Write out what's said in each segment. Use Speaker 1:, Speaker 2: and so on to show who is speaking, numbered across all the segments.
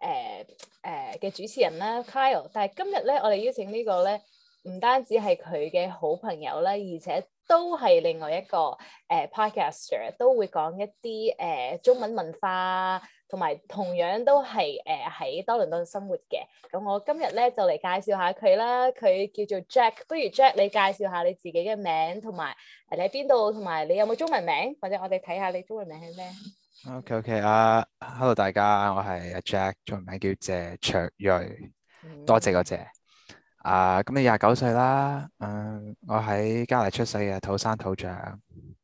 Speaker 1: 誒誒嘅主持人啦 Kyle 但係今日咧，我哋邀請呢個咧，唔單止係佢嘅好朋友啦，而且都係另外一個誒、呃、Podcaster，都會講一啲誒、呃、中文文化，同埋同樣都係誒喺多倫多生活嘅。咁我今日咧就嚟介紹下佢啦，佢叫做 Jack，不如 Jack 你介紹下你自己嘅名，同埋你喺邊度，同埋你有冇中文名，或者我哋睇下你中文名係咩？
Speaker 2: OK，OK、okay, okay. 啊、uh,，hello，大家，我係 Jack，中文名叫謝卓瑞，mm hmm. 多謝嗰謝。啊、uh,，咁你廿九歲啦，嗯，我喺加拿大出世嘅，土生土長。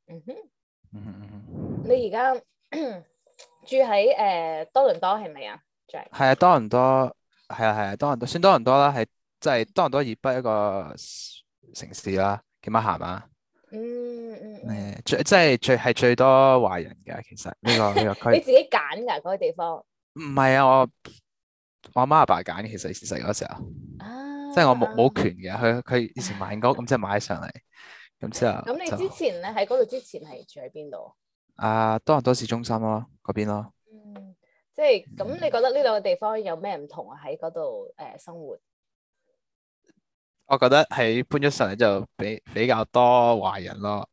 Speaker 1: 嗯哼，你而家 住喺誒、uh, 多倫多係咪啊？Jack。
Speaker 2: 係啊，多倫多，係啊係啊，多倫多算多倫多啦，係即係多倫多以北一個城市啦，叫乜霞啊？嗯、mm。Hmm. 誒，嗯、最即係最係最多華人嘅，其實呢、這個呢、這個區。 你自
Speaker 1: 己揀噶嗰個地方？
Speaker 2: 唔係啊，我我阿媽阿爸揀，其實事實嗰時候，時時啊、即係我冇冇權嘅。佢佢以前買唔咁即係買上嚟，咁之後。咁你之
Speaker 1: 前咧喺嗰度之前係住喺邊度？
Speaker 2: 啊，多倫多市中心、啊、邊咯，嗰邊咯。
Speaker 1: 即係咁，你覺得呢兩個地方有咩唔同啊？喺嗰度誒，生活。
Speaker 2: 我覺得喺搬咗上嚟就比比較多華人咯。.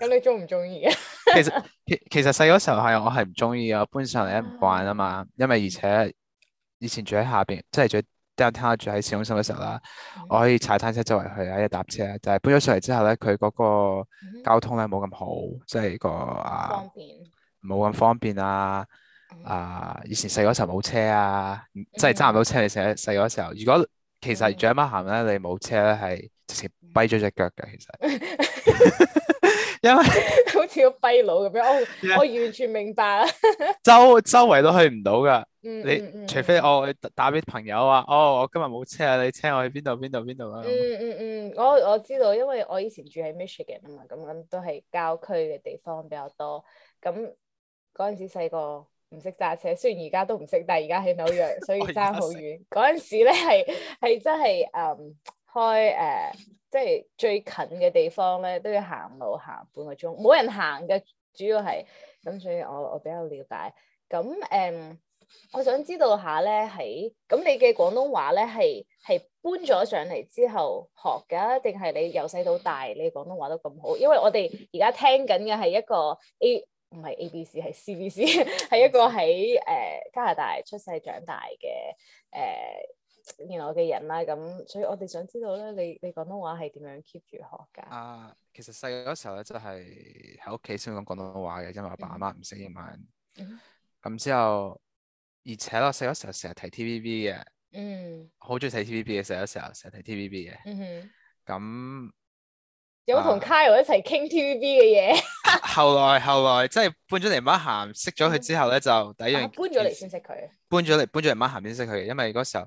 Speaker 1: 咁你中唔中
Speaker 2: 意嘅？ 其實，其其實細嗰時候係我係唔中意啊，搬上嚟唔慣啊嘛。因為而且以前住喺下邊，即係住 downtown 住喺市中心嘅時候啦，嗯、我可以踩單車周圍去啊，一搭車。但係搬咗上嚟之後咧，佢嗰個交通咧冇咁好，嗯、即係個啊冇咁方，便方便啊。啊，以前細嗰時候冇車啊，即係揸唔到車。嗯、你成日細嗰時候，如果其實住喺媽行咧，你冇車咧係直情跛咗隻腳嘅，其實。嗯 因
Speaker 1: 為 好似個廢佬咁樣，我 Yeah. 我完全明白。
Speaker 2: 周周圍都去唔到噶，mm hmm. 你除非我打打俾朋友話，哦，我今日冇車啊，你車我去邊度邊度邊度啊？嗯嗯嗯，mm hmm.
Speaker 1: 我我知道，因為我以前住喺 Michigan 啊嘛，咁咁都係郊區嘅地方比較多。咁嗰陣時細個唔識揸車，雖然而家都唔識，但係而家喺紐約，所以爭好遠。嗰陣 時咧係係真係誒、嗯、開誒。呃即係最近嘅地方咧，都要行路行半個鐘，冇人行嘅主要係咁，所以我我比較了解。咁誒、嗯，我想知道下咧，喺咁你嘅廣東話咧係係搬咗上嚟之後學㗎，定係你由細到大你廣東話都咁好？因為我哋而家聽緊嘅係一個 A 唔係 A B C 係 C B C，係一個喺誒、呃、加拿大出世長大嘅誒。呃原來我嘅人啦、啊，咁所以我哋想知道咧，你你廣東話係點樣 keep 住學噶？
Speaker 2: 啊，其實細個嗰時候咧，就係喺屋企先講廣東話嘅，因為阿爸阿媽唔識英文。咁、嗯、哼之後，而且我細個時候成日睇 T V B 嘅，嗯，好中意睇 T V B 嘅，細個時候成日睇 T V B 嘅。嗯
Speaker 1: 哼。
Speaker 2: 咁那有同
Speaker 1: Kyle 一齊傾 T V B 嘅嘢。
Speaker 2: 後來後來，即係搬咗嚟媽行，識咗佢之後咧，就第一樣
Speaker 1: 搬咗嚟先識佢。
Speaker 2: 搬咗嚟，搬咗嚟媽行先識佢嘅，因為嗰時候。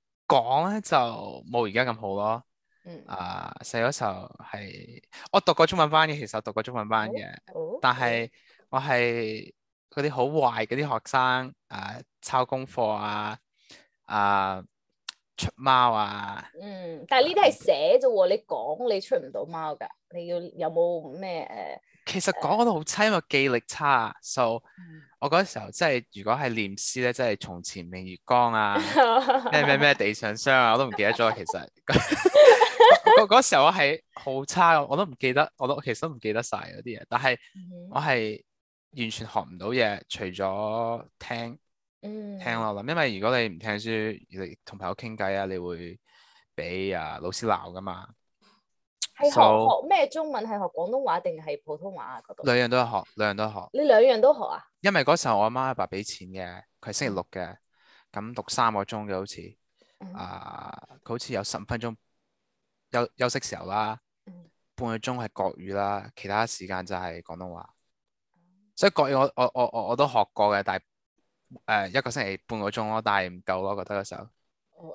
Speaker 2: 講咧就冇而家咁好咯。嗯，啊，細嗰時候係我讀過中文班嘅，其實我讀過中文班嘅，oh, oh. 但係我係嗰啲好壞嗰啲學生，啊，抄功課啊，啊，出貓啊。
Speaker 1: 嗯，但係呢啲係寫啫喎，啊、你講你出唔到貓噶，你要有冇咩誒？Uh
Speaker 2: 其實講得好差，因為記力差啊。So、嗯、我嗰時候即係如果係念詩咧，即係從前明月光啊，
Speaker 1: 咩咩咩
Speaker 2: 地上霜啊，我都唔記得咗。其實嗰嗰 時候我係好差，我都唔記得，我都其實都唔記得晒嗰啲嘢。但係我係完全學唔到嘢，除咗聽聽落咁，因為如果你唔聽書，你同朋友傾偈啊，你會俾啊老師鬧噶嘛。係學
Speaker 1: 學咩中文？係學廣東話定係普通話啊？嗰度兩
Speaker 2: 樣都學，兩樣都學。你
Speaker 1: 兩樣都學啊？
Speaker 2: 因為嗰時候我阿媽阿爸俾錢嘅，佢係星期六嘅，咁讀三個鐘嘅好似，嗯、啊，佢好似有十五分鐘休休息時候啦，嗯、半個鐘係國語啦，其他時間就係廣東話。即、嗯、以國語我我我我我都學過嘅，但誒、呃、一個星期半個鐘咯，但係唔夠咯，覺得嗰時候。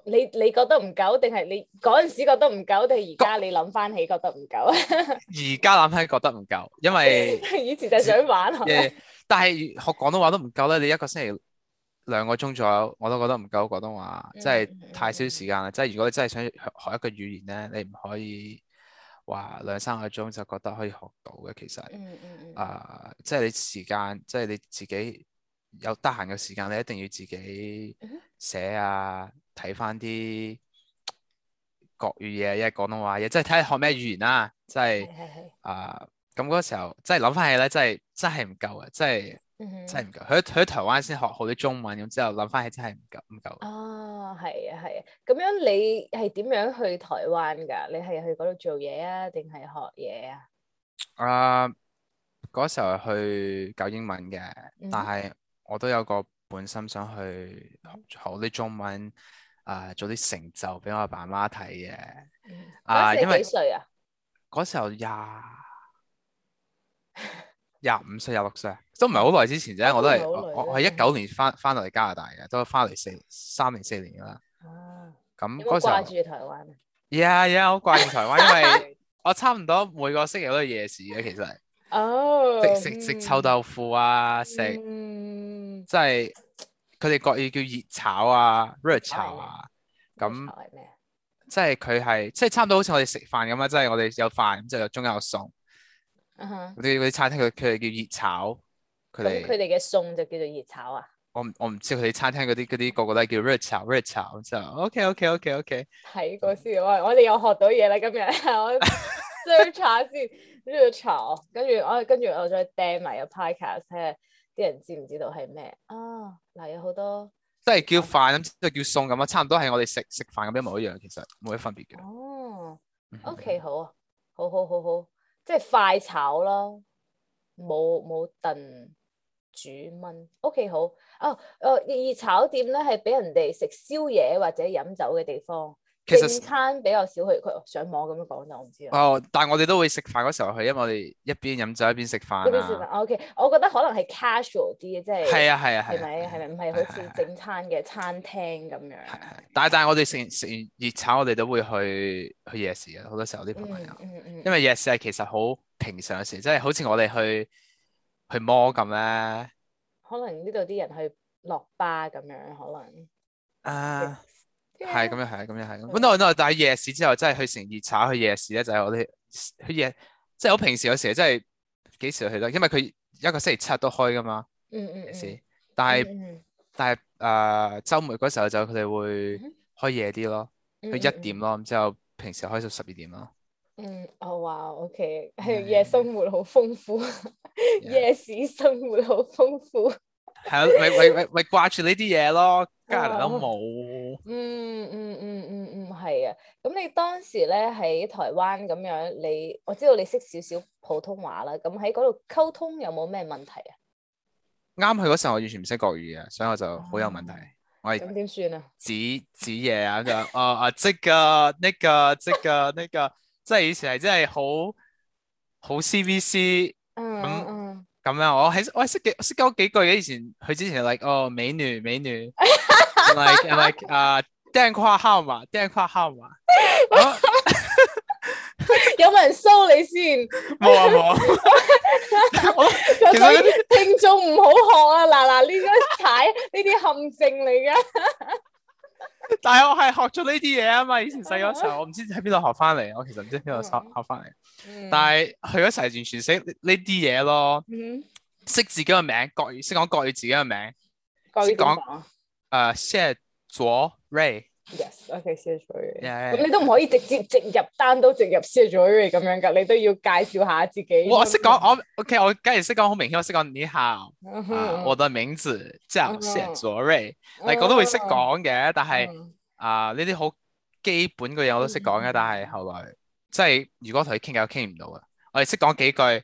Speaker 1: 你你覺得唔夠，定係你嗰陣時覺得唔夠，定係而家你諗翻起覺得唔
Speaker 2: 夠啊？而家諗翻起覺得唔夠，因為
Speaker 1: 以前就想玩，
Speaker 2: 但係學廣東話都唔夠咧，你一個星期兩個鐘左右，我都覺得唔夠廣東話，即係太少時間啦。即、嗯、係如果你真係想學一個語言咧，你唔可以話兩三個鐘就覺得可以學到嘅，其實。啊、嗯，即、嗯、係、呃就是、你時間，即、就、係、是、你自己有得閒嘅時間，你一定要自己寫啊。嗯嗯睇翻啲國語嘢，一係廣東話嘢，即係睇學咩語言啊。即係啊咁嗰時候，即係諗翻起咧，真係真係唔夠啊。即係真係唔夠。佢喺台灣先學好啲中文，咁之後諗翻起真係唔夠唔夠。即係唔夠唔夠哦、啊，
Speaker 1: 係啊，係啊，咁樣你係點樣去台灣㗎？你係去嗰度做嘢啊，定係學嘢啊？
Speaker 2: 啊、呃，嗰時候去教英文嘅，嗯、哼但係我都有個本心想去學好啲中文。嗯。誒，做啲成就俾我阿爸阿媽睇嘅。啊，啊，因為嗰時幾歲啊？時候廿廿五歲廿六歲都唔係好耐之前啫。 我都係 我係一九年翻翻到嚟加拿大嘅，都翻嚟四三年四年噶啦。咁嗰、 啊、時候，好掛住台灣啊！呀呀、yeah, yeah，好掛住台灣，因為我差唔多每個星期都去夜市嘅，其實。哦、
Speaker 1: oh。食食食臭
Speaker 2: 豆腐啊，食，即係。佢哋國語叫熱炒啊，熱炒啊，咁即係佢係即係差唔多好似我哋食飯咁啊，即係我哋有飯，咁就有中有餸。
Speaker 1: 嗰
Speaker 2: 啲啲餐廳佢佢哋叫熱炒，
Speaker 1: 佢哋佢哋嘅餸就叫做熱炒啊。我唔
Speaker 2: 我唔知佢哋餐廳嗰啲啲個個都係叫熱炒熱炒，就 OK OK OK OK, OK。
Speaker 1: 睇過先，嗯、我我哋又學到嘢啦今日。 我 search 先熱 炒，跟住我跟住我再訂埋個 p o d c 啲人知唔知道係咩啊？嗱，有好多
Speaker 2: 即係叫飯咁，即係叫餸咁啊，差唔多係我哋食食飯咁一模一樣，其實冇乜分別嘅。哦
Speaker 1: ，OK，好啊，好好好好，即係快炒咯，冇冇燉煮燜。OK，好。哦、啊，誒，熱炒店咧係俾人哋食宵夜或者飲酒嘅地方。其實正餐比較少去，佢上網咁樣講就我唔知哦，
Speaker 2: 但係我哋都會食飯嗰時候去，因為我哋一邊飲酒一邊食飯 o、啊、
Speaker 1: K。Okay. 我覺得可能係 casual 啲即係係、就是、啊係啊係。係咪係咪唔係好似正餐嘅餐廳咁樣？係、
Speaker 2: 啊啊、但係但係我哋食食完熱炒，我哋都會去去夜市嘅，好多時候啲朋友。嗯嗯
Speaker 1: 嗯、因為夜
Speaker 2: 市係其實好平常嘅事，即、就、係、是、好似我哋去去 mall 咁咧。
Speaker 1: 可能呢度啲人去落巴咁樣，可能
Speaker 2: 啊。係咁樣係，咁樣係。唔多唔多，但係夜市之後真係去成熱茶。去夜市咧，就係、是、我哋去夜，即係我平時有時候真係幾時去多，因為佢一個星期七都開㗎嘛。嗯嗯、mm hmm. 但係、mm hmm. 但係誒、呃，週末嗰時候就佢哋會開夜啲咯，去一點咯，咁、mm hmm. 之後平時開到十二點咯。
Speaker 1: 嗯，哇，OK，係夜生活好豐富，夜市生活好豐富。
Speaker 2: 係啊，咪咪咪掛住呢啲嘢咯，加拿
Speaker 1: 大人都冇。嗯嗯嗯嗯嗯，係、嗯、啊。咁、嗯嗯、你當時咧喺台灣咁樣，你我知道你識少少普通話啦，咁喺嗰度溝通有冇咩問題啊？
Speaker 2: 啱英文去嗰陣我完全唔識國語啊，所以我就好有問題。喂，咁點算啊？指指嘢啊個，哦哦，即個，呢個，即個，呢個，即係以前係真係好好 CVC。
Speaker 1: 嗯。嗯嗯
Speaker 2: 咁樣我喺我識幾識嗰幾句嘅，以前佢之前 like 哦美女美女 ，like like、uh, 啊單括號嘛，單括號嘛，
Speaker 1: 有冇人蘇你先？冇啊冇啊！ 其實 我其實聽眾唔好學啊，嗱嗱呢啲踩呢啲陷阱嚟㗎。
Speaker 2: 但係我係學咗呢啲嘢啊嘛，以前細個時候我唔知喺邊度學翻嚟，我其實唔知邊度學學翻嚟。但係佢一齊完全識呢啲嘢咯，識自己嘅名，國語識講國語自己嘅名，
Speaker 3: 識講
Speaker 2: 誒謝左瑞。
Speaker 1: Yes，OK，謝左瑞。咁你都唔可以直接直入單刀直入謝左瑞咁樣噶，你都要介紹下自己。我識講
Speaker 2: 我 OK，我梗係識講好明顯，我識講你好。我的名字謝左瑞。你我都會識講嘅，但係。啊！呢啲好基本嘅嘢我都識講嘅，但係後來即係如果同佢傾偈，我傾唔到啊！我哋識講幾句靚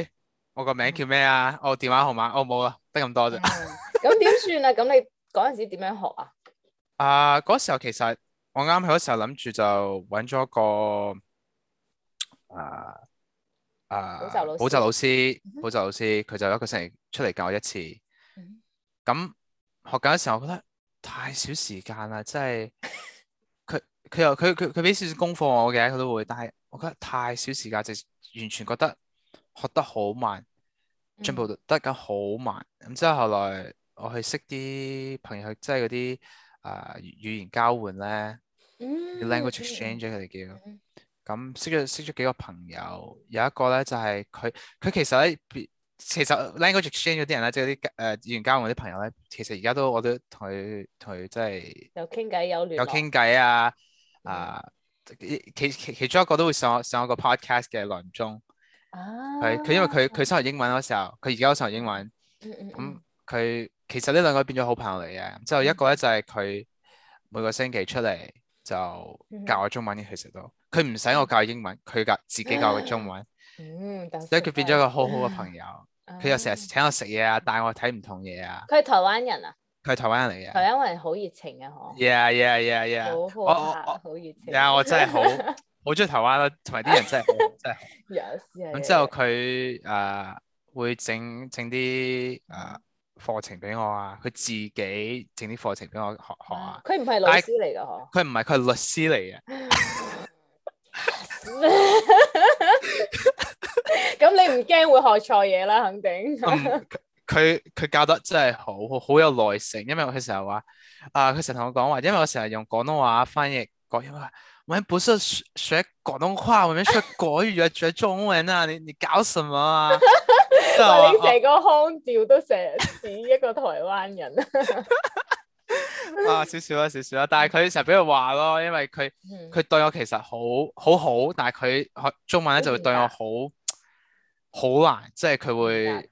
Speaker 2: 女，我個名叫咩啊？我電話號碼我冇啊，得咁、哦、多啫。
Speaker 1: 咁點算啊？咁你嗰陣時點樣學啊？
Speaker 2: 啊！嗰時候其實我啱喺嗰時候諗住就揾咗個啊啊補習老師，補習老師佢就一個星期出嚟教我一次。咁、嗯、學緊嘅時候，我覺得。太少時間啦，真係佢佢又佢佢佢俾少少功課我嘅，佢都會。但係我覺得太少時間，就完全覺得學得好慢，進步得緊好慢。咁之後後來我去識啲朋友，即係嗰啲誒語言交換
Speaker 3: 咧，language exchange
Speaker 2: 佢哋叫。咁識咗識咗幾個朋友，有一個咧就係、是、佢，佢其實喺。其實 language exchange 嗰啲人咧，即係啲誒語言交換啲、呃、朋友咧，其實而家都我都同佢同佢真係有傾偈有有傾偈啊啊！呃嗯、其其其中一個都會上我上我一個 podcast 嘅郎中係佢、啊、因為佢佢先係英文嗰時候，佢而家都上英文，咁佢、嗯嗯嗯、其實呢兩個變咗好朋友嚟嘅。之後一個咧、嗯嗯、就係佢每個星期出嚟就教我中文嘅，其實都佢唔使我教英文，佢教自己教佢中文，即、嗯嗯嗯、以佢變咗一個好好嘅朋友。 佢又成日請我食嘢啊，帶我睇唔同嘢啊。佢
Speaker 1: 係台灣人
Speaker 2: 啊？佢係台灣人嚟嘅。係
Speaker 1: 因為好熱
Speaker 2: 情啊。嗬。Yeah, yeah, yeah, yeah。好
Speaker 1: 好熱情。啊，我真係好，
Speaker 2: 好中意台灣咯，同埋啲人真係好，真係。
Speaker 3: 老係。咁之
Speaker 2: 後佢誒會整整啲誒課程俾我啊，佢自己整啲課程俾我學學啊。
Speaker 1: 佢唔係老師嚟㗎
Speaker 2: 嗬？佢唔係，佢係律師嚟嘅。
Speaker 1: 咁你唔驚會學錯嘢啦，肯定。
Speaker 2: 佢 佢、嗯、教得真係好，好，好有耐性。因為佢成日話，啊、呃，佢成日同我講話，因為我成日用廣東話翻譯。國語，我喺本身學廣東話，我們學國語啊，學 中文啊，你你搞什麼啊？ 我你
Speaker 1: 成個腔調都成似一個台灣人
Speaker 2: 啊！ 啊，少少啦，少少啦，但係佢成日俾佢話咯，因為佢佢、嗯、對我其實好好好，但係佢學中文咧就會對我好。好難、啊，即係佢會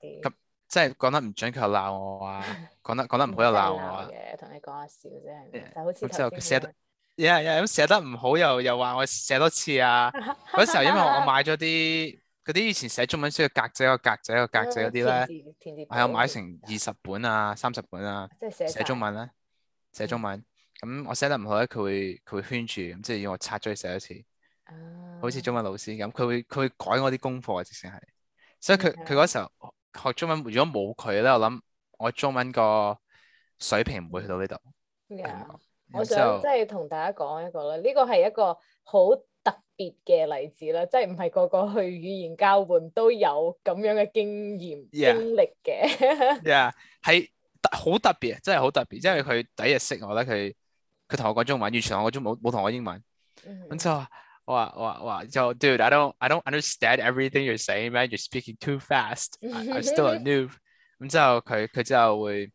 Speaker 2: 即係講得唔準確又鬧我啊，講得講得唔好又鬧我啊。同你
Speaker 1: 講下笑啫，就 Yeah, 好似
Speaker 2: 頭先佢寫得，有咁寫得唔好又又話我寫多次啊。
Speaker 3: 嗰 時候因為我買
Speaker 2: 咗啲嗰啲以前寫中文書嘅格仔個格仔個格仔嗰啲咧，
Speaker 3: 係、哎、我買成
Speaker 2: 二十本啊，三十本啊，即係寫寫中文咧，寫中文。咁、嗯嗯、我寫得唔好咧，佢會佢會圈住，咁即係要我擦咗去寫一次。啊、好似中文老師咁，佢會佢會改我啲功課啊，直程係。所以佢佢嗰時候學中文，如果冇佢咧，我諗我中文個水平唔會去到呢度。
Speaker 1: 我想即係同大家講一個啦，呢個係一個好特別嘅例子啦，即係唔係個個去語言交換都有咁樣嘅經驗經歷嘅。
Speaker 2: 係特好特別，真係好特別，因為佢第一日識我咧，佢佢同我講中文，完全我個中冇冇同我英文，然之後。我話我話就，so, dude, I don't, I don't understand everything you're saying, man. You're speaking too fast. I, I still a new 咁之後佢佢就會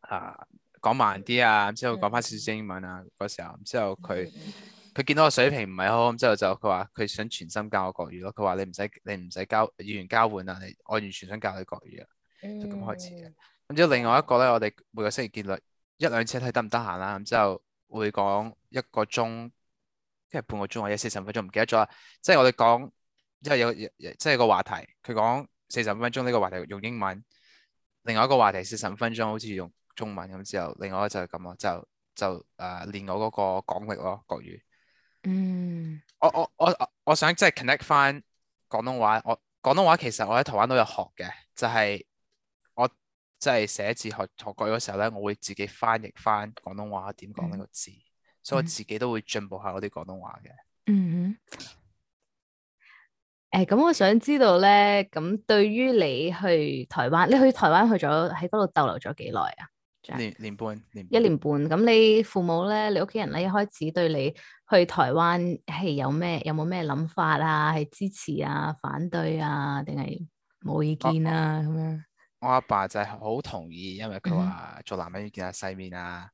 Speaker 2: 啊講，呃、慢啲啊，咁之後講翻少少英文啊嗰時候，之後佢佢見到我水平唔係好，咁之後就佢話佢想全心教我國語咯。佢話你唔使你唔使交語言交換啊，你，你我完全想教你國語啊，
Speaker 3: 就咁開始嘅。
Speaker 2: 咁之後另外一個咧，嗯、我哋每個星期見一兩次睇得唔得閒啦，咁之後會講一個鐘。即係半個鐘或者四十五分鐘，唔記得咗啦。即係我哋講，即係有有即係個話題，佢講四十五分鐘呢個話題用英文，另外一個話題四十五分鐘好似用中文咁。之後另外一個就係咁咯，就就誒練、呃、我嗰個講力咯，國語。嗯。我我我我想即係 connect 翻廣東話。我廣東話其實我喺台灣都有學嘅，就係、是、我即係寫字學國語嘅時候咧，我會自己翻譯翻廣東話我點講呢個字。嗯所以我自己都會進步下我啲廣東話嘅。 嗯，
Speaker 1: 嗯。誒，咁我想知道咧，咁對於你去台灣，你去台灣去咗喺嗰度逗留咗幾耐啊？
Speaker 2: 年年半，
Speaker 1: 年半 一年半。咁你父母咧，你屋企人咧，一開始對你去台灣係有咩，有冇咩諗法啊？係支持啊、反對啊，定係冇意見啊？咁樣。
Speaker 2: 我阿爸就係好同意，因為佢話做男人要見下世面啊，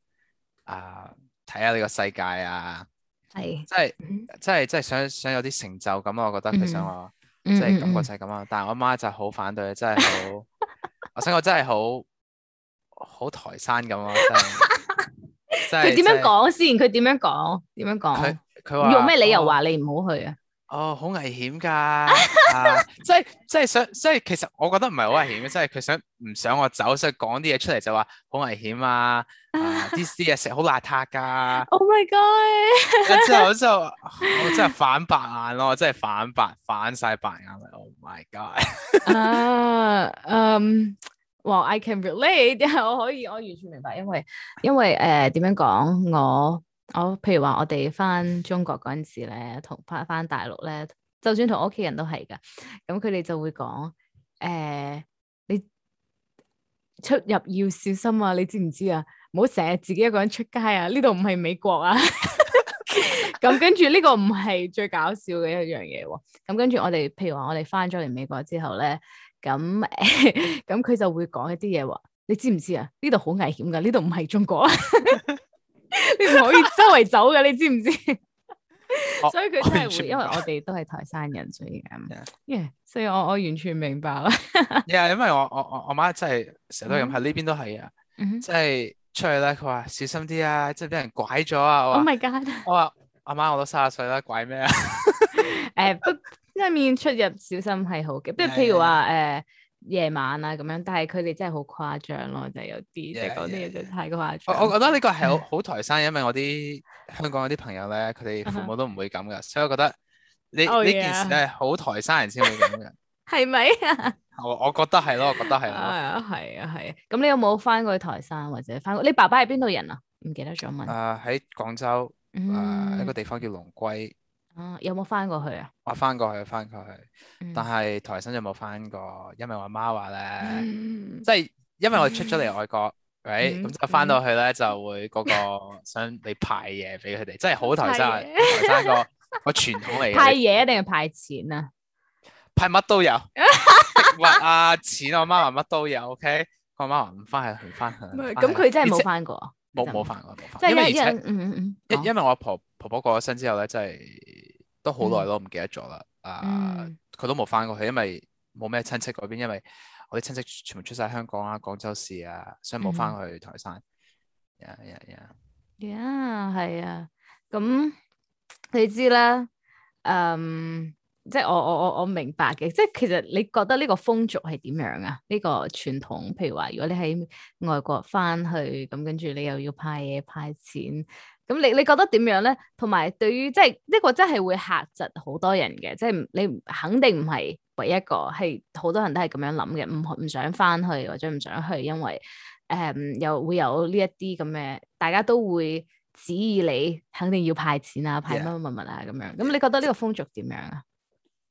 Speaker 2: 啊。Uh, 睇下呢個世界啊，
Speaker 3: 係是，即
Speaker 2: 係即係即係想想有啲成就感，啊，我覺得佢想話，
Speaker 1: 啊，即係、嗯、感覺就係
Speaker 2: 咁啊！但係我媽就好反對，真係好， 我想我真係好好台山咁啊！佢點樣講
Speaker 1: 先？佢點樣講？點樣講？佢
Speaker 2: 佢話用咩理由話，哦、
Speaker 1: 你唔好去啊？
Speaker 2: 哦，好，oh，危險噶即係即係想即係其實我覺得唔係好危險嘅，即係佢想唔想我走，想講啲嘢出嚟就話好危險啊，啲啲嘢食好邋遢噶。
Speaker 1: Oh my god！之後
Speaker 2: 就我真係反白眼咯，真係反白反晒白眼嚟。Oh my
Speaker 1: god！啊，嗯，well，I can relate， 我可以我完全明白，因為因為誒，點樣講我。我、哦、譬如話我哋翻中國嗰陣時咧，同翻翻大陸咧，就算同屋企人都係噶，咁佢哋就會講，誒、呃，你出入要小心啊，你知唔知啊？唔好成日自己一個人出街啊，呢度唔係美國啊。咁 跟住呢個唔係最搞笑嘅一樣嘢喎。咁跟住我哋，譬如話我哋翻咗嚟美國之後咧，咁咁佢就會講一啲嘢話，你知唔知啊？呢度好危險噶，呢度唔係中國。 你唔可以周圍走㗎，你知唔知？我 所以佢真係會，因為我哋都係台山人，所以咁。yeah 所以我我完全明白。 y、yeah,
Speaker 2: 因為我我我我媽真係成日都咁，喺呢邊都係啊，即係出去咧，佢話小心啲啊，即係俾人拐咗啊。我話、oh，我話阿媽我都三十歲啦，拐咩啊？
Speaker 1: 誒，不一面出入，入小心係好嘅，即係譬如話誒。Yeah. yeah. 夜晚啊咁樣，但係佢哋真係好誇張咯、啊，就係、是、有啲即係講啲嘢就太誇張。我我覺得呢個
Speaker 2: 係好好台山，因為我啲香港有啲朋友咧，佢哋父母都唔會咁噶，uh huh. 所以我覺得你呢、oh, yeah. 件事咧，好台山人先會咁嘅，係咪 啊？我我覺得係咯，我覺得係。係、uh huh.
Speaker 1: 啊，係啊，係啊。咁、啊、你有冇翻過去台山或者翻？你爸爸係邊度人啊？唔記得咗問。啊
Speaker 2: 喺、uh, 廣州啊，uh, mm hmm. 一個地方叫龍歸。
Speaker 1: 有冇翻過去啊？
Speaker 2: 我翻過去，翻過去，但係台山有冇翻過？因為我媽話咧，即係因為我出咗嚟外國，咁就翻到去咧就會嗰個想你派嘢俾佢哋，即係好台山，台山個個傳統嚟嘅。派嘢
Speaker 1: 一定係派錢啊？
Speaker 2: 派乜都有，話啊錢，我媽話乜都有，OK。我媽話唔翻去，唔翻去。咁佢真係冇翻過冇冇翻過，即係因因為我婆婆婆過咗身之後咧，真係。都好耐咯，唔、嗯、記得咗啦。啊、呃，佢、嗯、都冇翻過去，因為冇咩親戚嗰邊，因為我啲親戚全部出晒香港啊、廣州市啊，所以冇翻去台山。
Speaker 1: 呀呀係啊。咁你知啦，嗯，即係我我我我明白嘅。即係其實你覺得呢個風俗係點樣啊？呢、呢個傳統，譬如話如果你喺外國翻去，咁跟住你又要派嘢派錢。咁你你覺得點樣咧？同埋對於即係呢個真係會吓窒好多人嘅，即係、就是、你肯定唔係唯一一個，係好多人都係咁樣諗嘅，唔唔想翻去或者唔想去，因為誒又會有呢一啲咁嘅，大家都會指意你，肯定要派錢啊，派乜乜物物啊咁樣。咁你覺得呢個風俗點樣啊？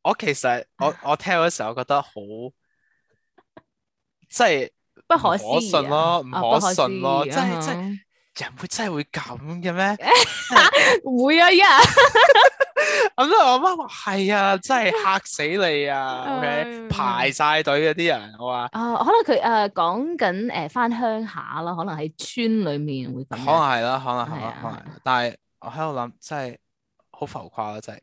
Speaker 2: 我其實我我聽嗰時，我覺得好即係
Speaker 1: 不可思議咯，唔可信咯，即係即
Speaker 2: 人真會真係會咁嘅咩？
Speaker 1: 唔會啊！依家咁我媽話係
Speaker 2: 啊，真係吓死你啊、okay? 嗯、排晒隊嗰啲人，我話
Speaker 1: 哦，可能佢誒講緊誒翻鄉下咯，可能喺村裏面會咁。可能
Speaker 2: 係咯，啊、可能係啊。但係我喺度諗，真係好浮誇咯，真係。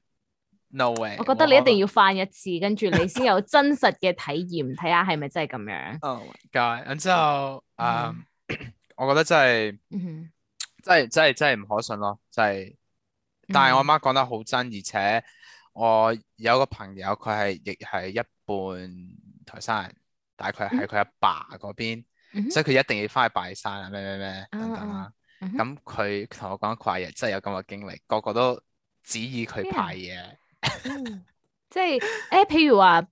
Speaker 2: No way！我覺得你
Speaker 1: 一定要翻一次，跟住你先有真實嘅體驗，睇下係咪真係咁樣。
Speaker 2: 哦、oh so, um,，咁之後嗯。我覺得真係、mm hmm.，真係真係真係唔可信咯，真係，
Speaker 1: 但係我媽
Speaker 2: 講得好真，而且我有個朋友，佢係亦係一半台山人，大概係佢阿爸嗰邊，mm hmm. 所以佢一定要翻去拜山啊，咩咩咩等等啦。咁佢同我講跨日真係有咁嘅經歷，個個都指意佢派嘢，
Speaker 1: 即係誒，譬如話。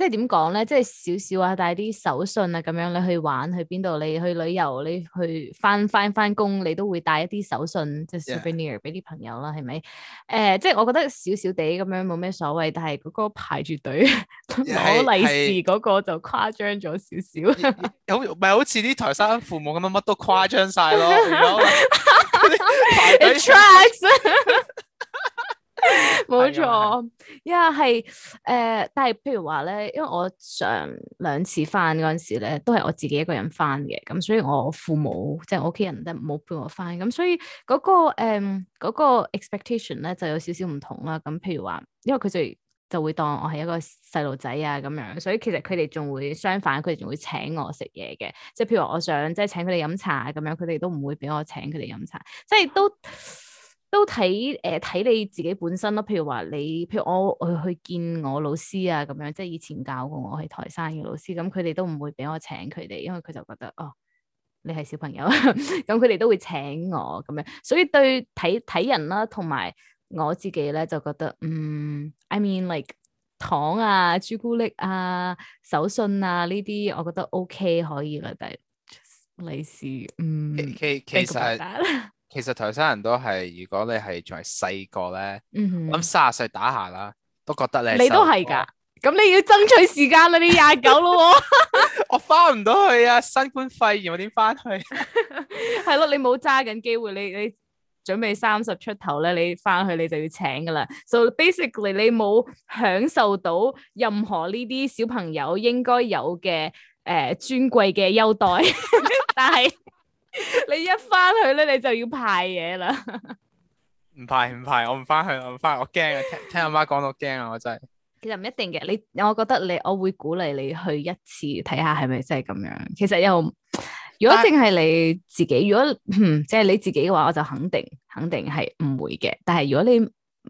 Speaker 1: 即係點講咧？即係少少啊，帶啲手信啊咁樣，你去玩去邊度？你去旅遊，你去翻翻翻工，你都會帶一啲手信，即係 souvenir，俾啲朋友啦，係咪？誒 Yeah.、呃，即係我覺得少少地咁樣，冇咩所謂，但係嗰個排住隊攞利是嗰 個就誇張咗少少。
Speaker 2: 有唔好似啲台山父母咁樣乜都誇張晒咯。
Speaker 1: 冇錯， 因為係誒、呃，但係譬如話咧，因為我上兩次翻嗰陣時咧，都係我自己一個人翻嘅，咁所以我父母即係我屋企人都冇陪我翻，咁所以嗰、嗰個誒、呃嗰個 expectation 咧就有少少唔同啦。咁譬如話，因為佢哋就，就會當我係一個細路仔啊咁樣，所以其實佢哋仲會相反，佢哋仲會請我食嘢嘅，即係譬如我想即係、即係、請佢哋飲茶咁樣，佢哋都唔會俾我請佢哋飲茶，即係都。 都睇誒睇你自己本身咯，譬如話你，譬如我去去見我老師啊，咁樣即係以前教過我係台山嘅老師，咁佢哋都唔會俾我請佢哋，因為佢就覺得哦，你係小朋友，咁佢哋都會請我咁樣，所以對睇睇人啦，同埋我自己咧就覺得嗯，I mean like 糖啊、朱古力啊、手信啊呢啲，我覺得 OK 可以啦，但係利是嗯。實
Speaker 2: 其實台山人都係，如果你係仲係細個咧，咁三十歲打下啦，都覺得咧。你都係
Speaker 1: 噶，咁你要爭取時間啦，你廿九咯。
Speaker 2: 我翻唔到去啊！新冠肺炎，我點翻去？
Speaker 1: 係咯，你冇揸緊機會，你你準備三十出頭咧，你翻去你就要請噶啦。So basically 你冇享受到任何呢啲小朋友應該有嘅誒尊貴嘅優待，但係。 你一翻去咧，你就要派嘢啦 。
Speaker 2: 唔派唔派，我唔翻去，我唔翻去，我驚啊！聽聽阿媽講到驚啊，我真係。
Speaker 1: 其實唔一定嘅，你我覺得你，我會鼓勵你去一次睇下係咪真係咁樣。其實又如果淨係你自己，如果即係、嗯就是、你自己嘅話，我就肯定肯定係唔會嘅。但係如果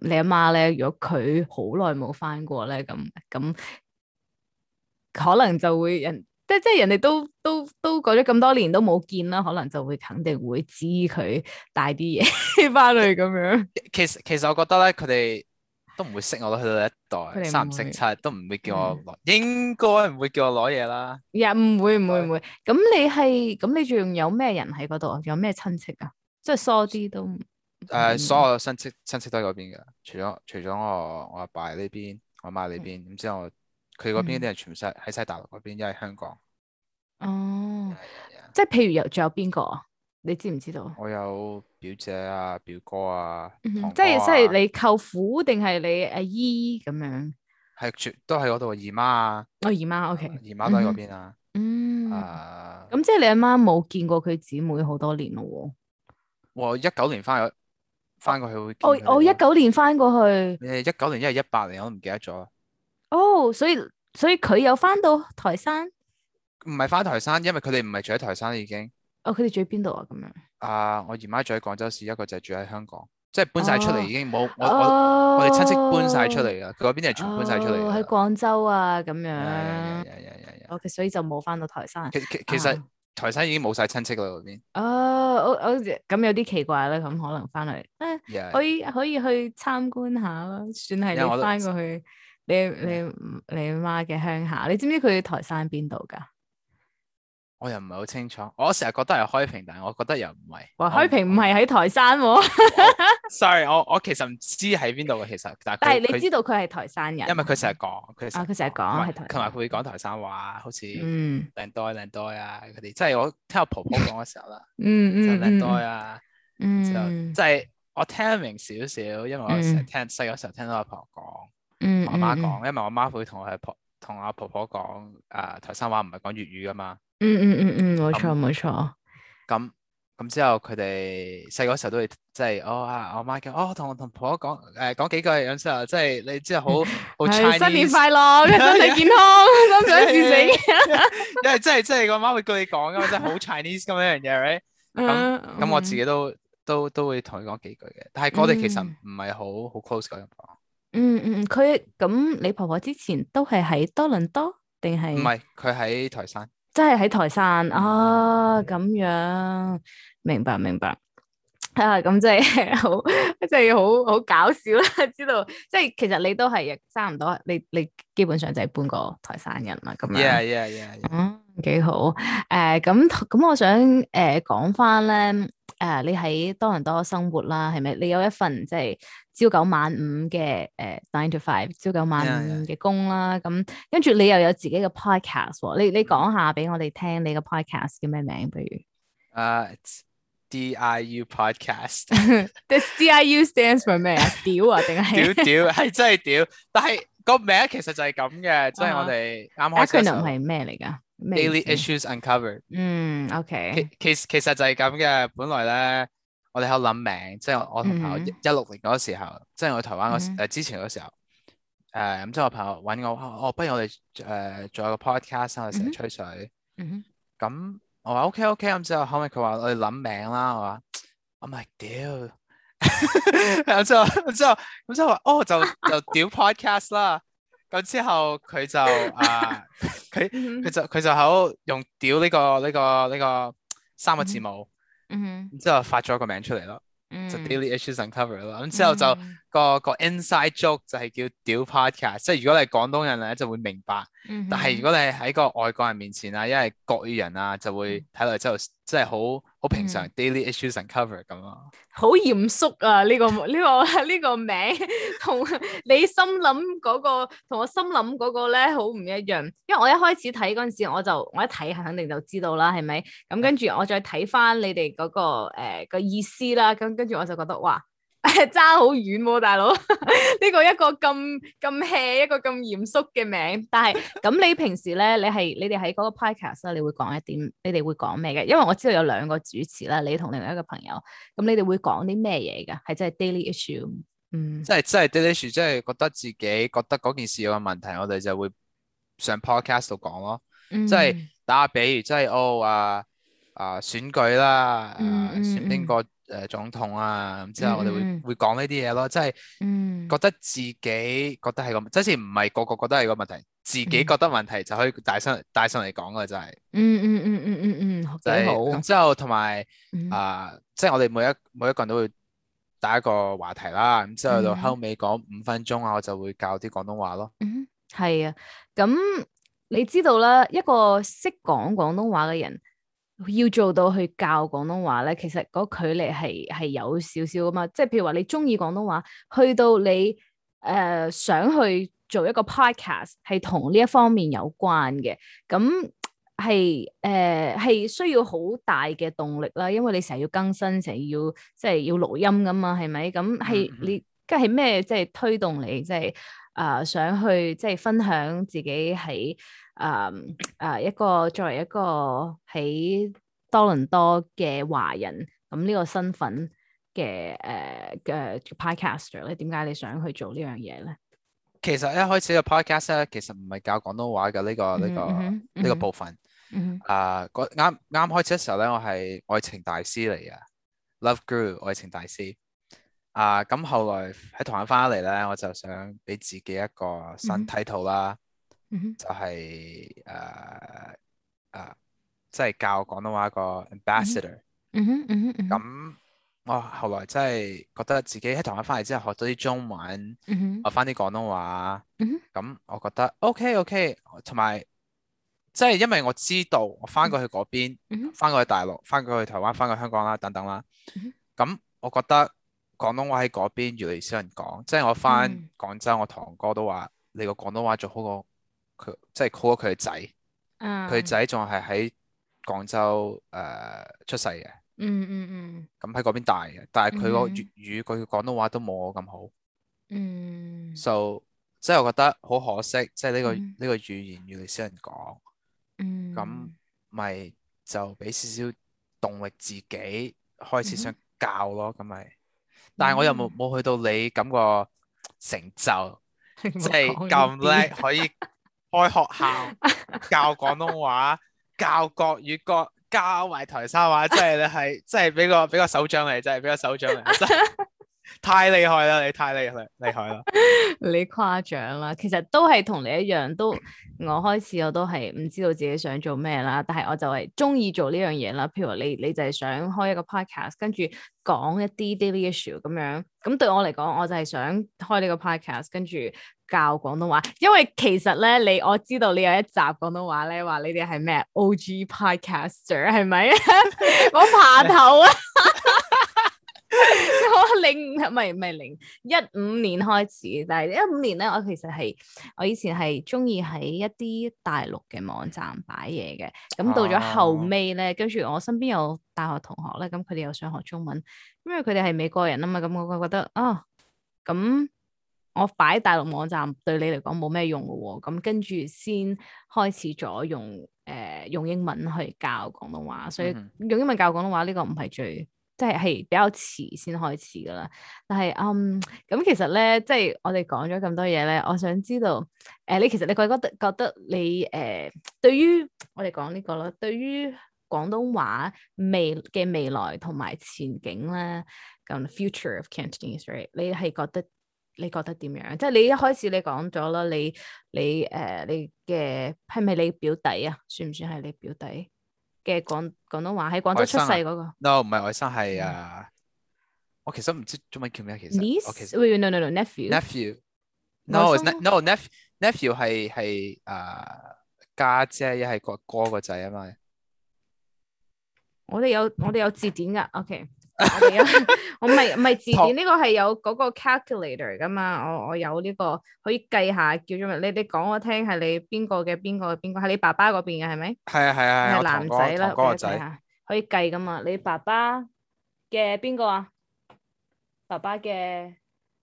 Speaker 1: 你你阿媽咧，如果佢好耐冇翻過咧，咁咁可能就會人。即即係人哋都都都過咗咁多年都冇見啦，可能就會肯定會知佢帶啲嘢翻去，咁樣。
Speaker 2: 其實其實我覺得咧，佢哋都唔會識我去到一代，三唔識七都唔會叫我攞，的應該唔會叫我攞嘢啦。
Speaker 1: 又唔會唔會唔會。咁對你係咁你仲有咩人喺嗰度？有咩親戚啊？即係疏啲都
Speaker 2: 誒，所有親戚親戚都喺嗰邊嘅，除咗除咗我我阿爸呢邊，我阿媽呢邊，咁、嗯、之後。佢嗰邊啲人全世喺西大陸嗰邊，一係香港。
Speaker 1: 哦，即係譬如有仲有邊個啊？你知唔知道？
Speaker 2: 我有表姐啊，表哥啊，即係即係你
Speaker 1: 舅父定係你阿姨咁樣？
Speaker 2: 係，全都喺嗰度，姨媽啊，
Speaker 1: 我姨媽，O K，姨媽都喺嗰邊啊。
Speaker 2: 嗯，啊，
Speaker 1: 咁即係你阿媽冇見過佢姊妹好多年咯。
Speaker 2: 我一九年翻去，翻過去，我我一
Speaker 1: 九年翻過去，誒，
Speaker 2: 一九年，一係一八年，我都唔記得咗。
Speaker 1: 哦，所以所以佢有翻到台山？
Speaker 2: 唔係翻台山，因為佢哋唔係住喺台山已經。
Speaker 1: 哦，佢哋住喺邊度啊？咁樣。
Speaker 2: 啊，我姨媽住喺廣州市，一個就住喺香港，即係搬晒出嚟已經冇我我哋親戚搬晒出嚟啦。佢嗰邊啲係全搬晒出嚟。我喺
Speaker 1: 廣州啊，咁樣。所以就冇翻到台山。其
Speaker 2: 其實台山已經冇晒親戚啦嗰
Speaker 1: 邊。啊，我我咁有啲奇怪啦，咁可能翻去，可以可以去參觀下咯，算係你翻過去。你你你阿媽嘅鄉下，你知唔知佢台山邊度噶？
Speaker 2: 我又唔係好清楚，我成日覺得係開平，但係我覺得又唔係。
Speaker 1: 哇，開平唔係喺台山。
Speaker 2: sorry，我我其實唔知喺邊度嘅，其實但係你知道
Speaker 1: 佢係台山人，因為
Speaker 2: 佢成日講，佢成日講，
Speaker 1: 佢
Speaker 2: 同埋會講台山話，好似靚多靚多啊，佢哋即係我聽我婆婆講嘅時候啦，嗯嗯，靚多啊，嗯，即係我聽明少少，因為我成日聽細個時候聽到阿婆講。
Speaker 3: 嗯，阿媽講，
Speaker 2: 因為我媽會同我係婆同阿婆婆講，誒、呃，台山話唔係講粵語噶嘛。嗯
Speaker 1: 嗯嗯嗯，冇錯冇錯。
Speaker 2: 咁、嗯、咁之後佢哋細個時候都會，即係我阿我媽哦，同我同、哦、婆婆講，誒、呃，講幾句有時候即係你真係好好。嗯、Chinese，新年快樂，身體健康，心想事成。 因為真係真係，我媽會叫你講噶嘛，即係好 Chinese 咁樣樣嘢，咁咁我自己都都都會同佢講幾句嘅，但係我哋其實唔係好好 close 咁樣講。
Speaker 3: 嗯
Speaker 1: 嗯，佢咁你婆婆之前都係喺多倫多定係？唔係，
Speaker 2: 佢喺台山，
Speaker 1: 即係喺台山啊！咁樣明白明白啊！咁即係好，即係好好搞笑啦！知道即係其實你都係差唔多，你你基本上就係半個台山人啦咁樣。Yeah
Speaker 2: yeah yeah, yeah。嗯。
Speaker 1: 幾好誒，咁咁，我想誒講翻咧誒，你喺多倫多生活啦，係咪？你有一份即係朝九晚五嘅誒 nine to five 朝九晚五嘅工啦，咁跟住你又有自己嘅 podcast，你你講下俾我哋聽，你嘅 podcast 叫咩名？不如
Speaker 2: DIU
Speaker 1: podcast。The DIU stands for 咩？屌啊，定係屌
Speaker 2: 屌係真係屌，但係個名其實就係咁嘅，即係我哋啱開。阿佢名係咩嚟噶？Daily issues uncovered。嗯，OK 其。其其其實就係咁嘅。本來咧，我哋喺度諗名，即係我同朋友一六年嗰時候，mm hmm. 即係我去台灣嗰誒之前嗰時候，誒咁即係我朋友揾我，哦，不如我哋誒、呃、做一個 podcast、mm hmm. 我哋成日吹水。咁、mm hmm. 嗯、我話 OK OK，咁之後後尾佢話我哋諗名啦，我話，我咪屌，咁之後之後咁之後，之後之後之後哦就就屌 podcast 啦。 咁之後佢就啊佢佢就佢就好用屌呢、呢個呢、呢個呢、呢個呢個三個字母，嗯、mm，之、hmm. 後發咗個名出嚟咯，就 Daily Issues Uncovered 咯，咁之後就、mm hmm. 個個 inside joke 就係叫屌 podcast，即係如果你係廣東人咧，就會明白，
Speaker 3: 但係如果
Speaker 2: 你喺個外國人面前啊，因為國語人啊就會睇落之後即係好。好平常、嗯、daily issues and cover 咁、
Speaker 1: 啊、咯。好嚴肅啊！呢個呢個呢個名，同你心諗嗰個，同我心諗嗰個咧，好唔一樣。因為我一開始睇嗰陣時，我就我一睇肯定就知道啦，係咪？咁跟住我再睇翻你哋嗰、那個誒、呃、個意思啦。咁跟住我就覺得哇～誒，揸好遠喎，大佬！呢個一個咁咁 hea 一個咁嚴肅嘅名。但係咁，你平時咧，你係你哋喺嗰個 podcast 你會講一點？你哋會講咩嘅？因為我知道有兩個主持啦，你同另外一個朋友。咁你哋會講啲咩嘢嘅？係真係 daily issue，嗯，即係即、就、係、
Speaker 2: 是就是、daily issue，即係覺得自己覺得嗰件事有個問題，我哋就會上 podcast 度講咯。
Speaker 3: 即係、
Speaker 1: 嗯、
Speaker 2: 打個比喻，即、就、係、是、哦啊啊，啊選舉啦，
Speaker 3: 選邊
Speaker 2: 個？嗯嗯嗯誒總統啊，咁之後我哋會會講呢啲嘢咯，即係覺得自己覺得係個，即係唔係個個覺得係個問題，自己覺得問題就可以帶上、嗯、帶上嚟講嘅，就係嗯
Speaker 3: 嗯嗯嗯嗯嗯，就係咁
Speaker 2: 之後同埋啊，即係我哋每一每一個人都會打一個話題啦，咁之後到後尾講五分鐘是啊，我就會
Speaker 1: 教啲廣東話咯。啊、嗯，係啊，咁、啊、你知道啦，一個識講廣東話嘅人。要做到去教廣東話咧，其實個距離係係有少少噶嘛。即係譬如話，你鍾意廣東話，去到你誒、呃、想去做一個 podcast，係同呢一方面有關嘅。咁係誒係需要好大嘅動力啦，因為你成日要更新，成日要即係要錄音噶嘛，係咪？咁係你，即係咩？即係推動你，即係啊、呃，想去即係分享自己喺。誒誒，um, uh, 一個作為一個喺多倫多嘅華人，咁、嗯、呢、這個身份嘅誒嘅 podcaster 咧，點、uh, 解你想去做呢樣嘢咧？
Speaker 2: 其實一開始嘅 podcast 咧、啊，其實唔係教廣東話嘅呢、這個呢、這個呢、mm hmm. 個部分。啊、mm，啱、hmm. 啱、uh, 開始嘅時候咧，我係愛情大師嚟嘅，Love Guru 愛情大師。啊，咁後來喺台灣翻嚟咧，我就想俾自己一個新 title、mm hmm. 啦。Mm hmm. 就係誒誒，即、uh, 係、uh, 教廣東話個 ambassador。
Speaker 3: 咁
Speaker 2: 我後來真係覺得自己喺台灣翻嚟之後，學咗啲中文，mm hmm. 學翻啲廣東話。咁、mm hmm. 嗯、我覺得 OK OK，同埋即係因為我知道我翻過去嗰邊，翻、mm hmm. 過去大陸，翻過去台灣，翻過香港啦，等等啦。咁、mm hmm. 嗯、我覺得廣東話喺嗰邊越嚟越少人講，即係我翻廣州，mm hmm. 我堂哥都話你個廣東話仲好過佢即係 call 咗佢嘅仔，
Speaker 3: 佢仔
Speaker 2: 仲係喺廣州誒出世嘅，嗯嗯
Speaker 3: 嗯，
Speaker 2: 咁喺嗰邊大嘅，但係佢個粵語佢廣東話都冇我咁好，嗯，就、 so, 即係我覺得好可惜，即係呢、這個呢、mm hmm. 個語言越嚟少人講，嗯、mm，咁、hmm. 咪就俾少少動力自己開始想教咯，咁咪、mm，hmm. 但係我又冇冇去到你咁個成就，即係咁叻可以。 開學校教廣東話， 教國語、國教埋台山話，即係你係，即係俾個俾個手掌嚟，即係俾個手掌嚟，太厲害啦！你太厲害，厲害啦！
Speaker 1: 你誇張啦，其實都係同你一樣，都我開始我都係唔知道自己想做咩啦，但係我就係中意做呢樣嘢啦。譬如你你就係想開一個 podcast，跟住講一啲 daily issue 咁樣，咁對我嚟講，我就係想開呢個 podcast，跟住。教廣東話，因為其實咧，你我知道你有一集廣東話咧，話你哋係咩 O.G. podcaster 係咪啊？ 我爬頭啊！我 零唔係唔係零一五年開始，但係一五年咧，我其實係我以前係中意喺一啲大陸嘅網站擺嘢嘅。咁到咗後尾咧，啊、跟住我身邊有大學同學咧，咁佢哋又想學中文，因為佢哋係美國人啊嘛，咁我覺得啊，咁、哦。我擺大陸網站對你嚟講冇咩用嘅喎、哦，咁跟住先開始咗用誒、呃、用英文去教廣東話，所以用英文教廣東話呢個唔係最即係係比較遲先開始㗎喇。但係嗯咁其實咧，即係我哋講咗咁多嘢咧，我想知道誒、呃、你其實你覺得覺得你誒、呃、對於我哋講呢個囉，對於廣東話未嘅未來同埋前景咧咁 future of Cantonese、right? 你係覺得？你覺得點樣？即係你一開始你講咗啦，你你誒你嘅係咪你表弟啊？算唔算係你表弟嘅廣廣東話喺廣州出世嗰個
Speaker 2: ？No，唔係外甥，係啊。我其實唔知中文叫咩，其實。Niece。喂，no no no nephew。Nephew。No no nephew nephew 係係啊，家姐一係個哥個仔啊嘛。
Speaker 1: 我哋有我哋有字典㗎，OK。我唔係唔係字典，呢個係有嗰個 calculator 噶嘛，我我有呢個可以計下，叫做咩？你你講我聽，係你邊個嘅邊個邊個，係你爸爸嗰邊嘅係咪？係啊係啊，係男仔啦，個仔可以計噶嘛。你爸爸嘅邊個啊？爸爸嘅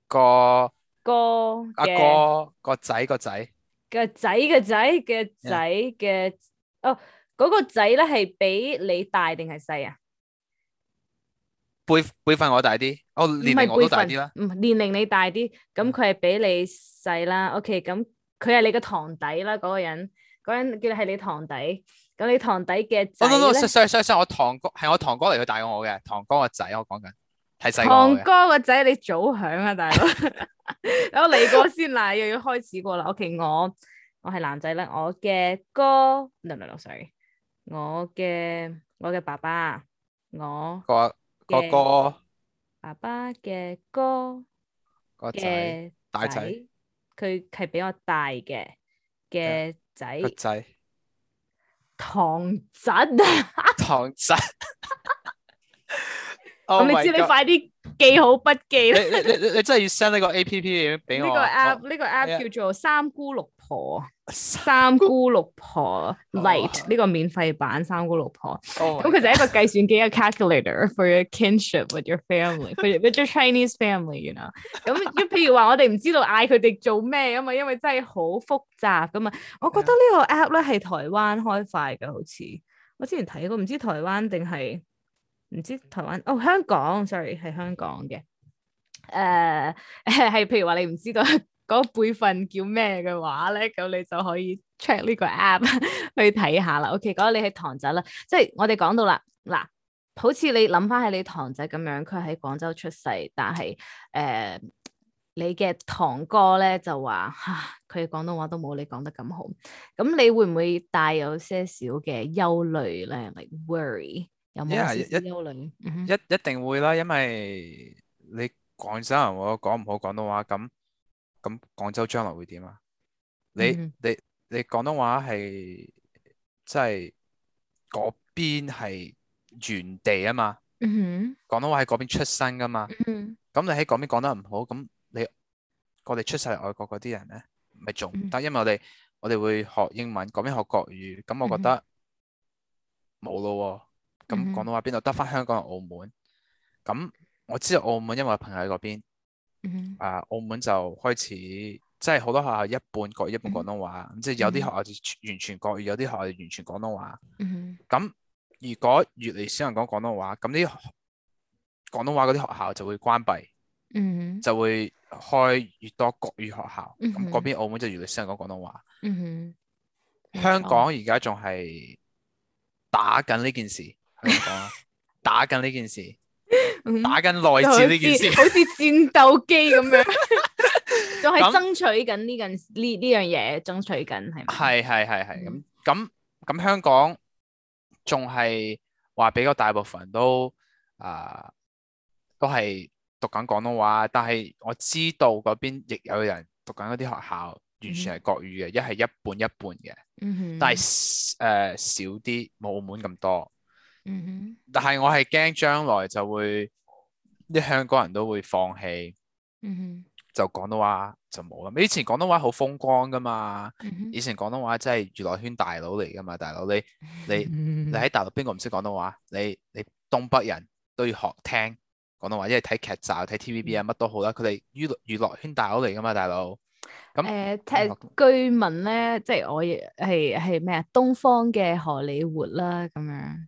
Speaker 1: 個哥阿哥
Speaker 2: 個仔個仔
Speaker 1: 嘅仔嘅仔嘅仔嘅，哦，嗰個仔咧係比你大定係細啊？
Speaker 2: 輩輩分我大啲，哦年齡我都大啲啦。唔
Speaker 1: 年齡你大啲，咁佢係比你細啦。OK，咁佢係你嘅堂弟啦。嗰、那個人嗰、那個、人叫係你，你堂弟，咁你堂弟嘅仔咧。唔唔唔，sorry sorry
Speaker 2: sorry，我堂哥係我堂哥嚟，佢大過我嘅堂哥個仔，我講緊係細堂哥
Speaker 1: 個仔，你早響啊大佬， 等我嚟過先啦，又要開始過啦。OK，我我係男仔啦，我嘅哥，唔唔唔，sorry，我嘅我嘅爸爸，我。 哥哥，爸爸嘅哥嘅仔，仔大仔，佢係比我大嘅嘅哥仔，仔，堂侄啊，堂侄，
Speaker 2: 我唔知，你快
Speaker 1: 啲記好筆記啦，你
Speaker 2: 你你真係要 send 呢個 A P P 俾我，呢個 app
Speaker 1: 呢、哦、個 app 叫做三姑六婆。三姑六婆 Lite 呢個免費版三姑六婆，咁佢就係一個計算機嘅 calculator for your kinship with your family，for your with your Chinese family。you know 咁，即係譬如話我哋唔知道嗌佢哋做咩啊嘛，因為真係好複雜噶嘛。我覺得呢個 app 咧係台灣開快嘅，好似我之前睇過，唔知台灣定係唔知台灣哦，香港，sorry 係香港嘅。誒，係譬如話你唔知道。嗰個輩份叫咩嘅話咧，咁你就可以 check 呢個 app 去睇下 okay，啦。OK，嗰你係堂仔啦，即係我哋講到啦，嗱，好似你諗翻喺你堂仔咁樣，佢喺廣州出世，但係誒、呃、你嘅堂哥咧就話嚇佢嘅廣東話都冇你講得咁好，咁你會唔會帶有些少嘅憂慮咧？Like worry 有冇一憂慮？Yeah，
Speaker 2: 嗯、哼一一,一定會啦，因為你廣州人我講唔好廣東話咁。咁廣州將來會點啊？你、mm hmm. 你你，你廣東話係即係嗰邊係原地啊嘛，mm hmm. 廣東話喺嗰邊出生噶嘛，咁、mm hmm. 你喺嗰邊講得唔好，咁你我哋出世外國嗰啲人咧，咪仲唔得？Mm hmm. 因為我哋我哋會學英文，嗰邊學國語，咁我覺得冇咯喎。咁、mm hmm. 啊、廣東話邊度得返香港澳門？咁我知道澳門，因為我朋友喺嗰邊。啊，uh, 澳門就開始，即係好多學校一半國語，一半廣東話，嗯、即係有啲學校就完全國語，有啲學校就完全廣東話。嗯，咁如果越嚟少人講廣東話，咁啲廣東話嗰啲學校就會關閉。嗯，就會開越多國語學校。嗯，咁嗰邊澳門就越嚟少人講廣東話。嗯嗯
Speaker 1: 嗯、香港而
Speaker 2: 家仲係打緊呢件事,、嗯嗯、件事，香港 打緊呢件事。打緊內戰呢件
Speaker 1: 事，好似戰鬥機咁樣，仲係 爭取緊呢件呢呢樣嘢， 爭取緊係，
Speaker 2: 係係係係咁咁咁香港仲係話比較大部分人都啊、呃，都係讀緊廣東話，但係我知道嗰邊亦有人讀緊嗰啲學校，完全係國語嘅，一係、嗯、一半一半嘅，嗯、但係誒、呃、少啲，冇澳門咁多。嗯，但係我係驚將來就會啲香港人都會放棄，嗯哼就廣東話就冇啦。以前廣東話好風光噶嘛，嗯、哼以前廣東話真係娛樂圈大佬嚟噶嘛，大佬你你、嗯、哼你喺大陸邊個唔識廣東話？你你東北人都要學聽廣東話，因為睇劇集睇 T V B 啊，乜都好啦。佢哋娛娛樂圈大佬嚟噶嘛，大佬咁誒
Speaker 1: 據聞咧，即、就、係、是、我係係咩啊？東方嘅荷里活啦，咁樣。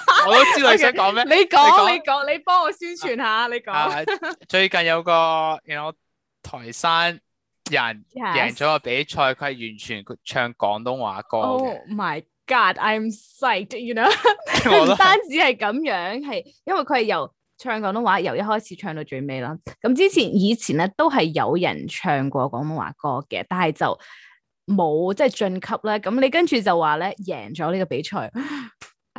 Speaker 2: 我都知道你想講咩？Okay, 你講，你
Speaker 1: 講，你幫我宣傳下。你講，
Speaker 2: 最近有個，你 you 知 know, 台山人贏咗個比賽，佢係 Yes. 完全唱廣東話歌 Oh
Speaker 1: my god, I'm psyched, you know？唔單止係咁樣，係因為佢係由唱廣東話，由一開始唱到最尾啦。咁之前以前咧，都係有人唱過廣東話歌嘅，但係就冇即係晉級咧。咁你跟住就話咧，贏咗呢個比賽。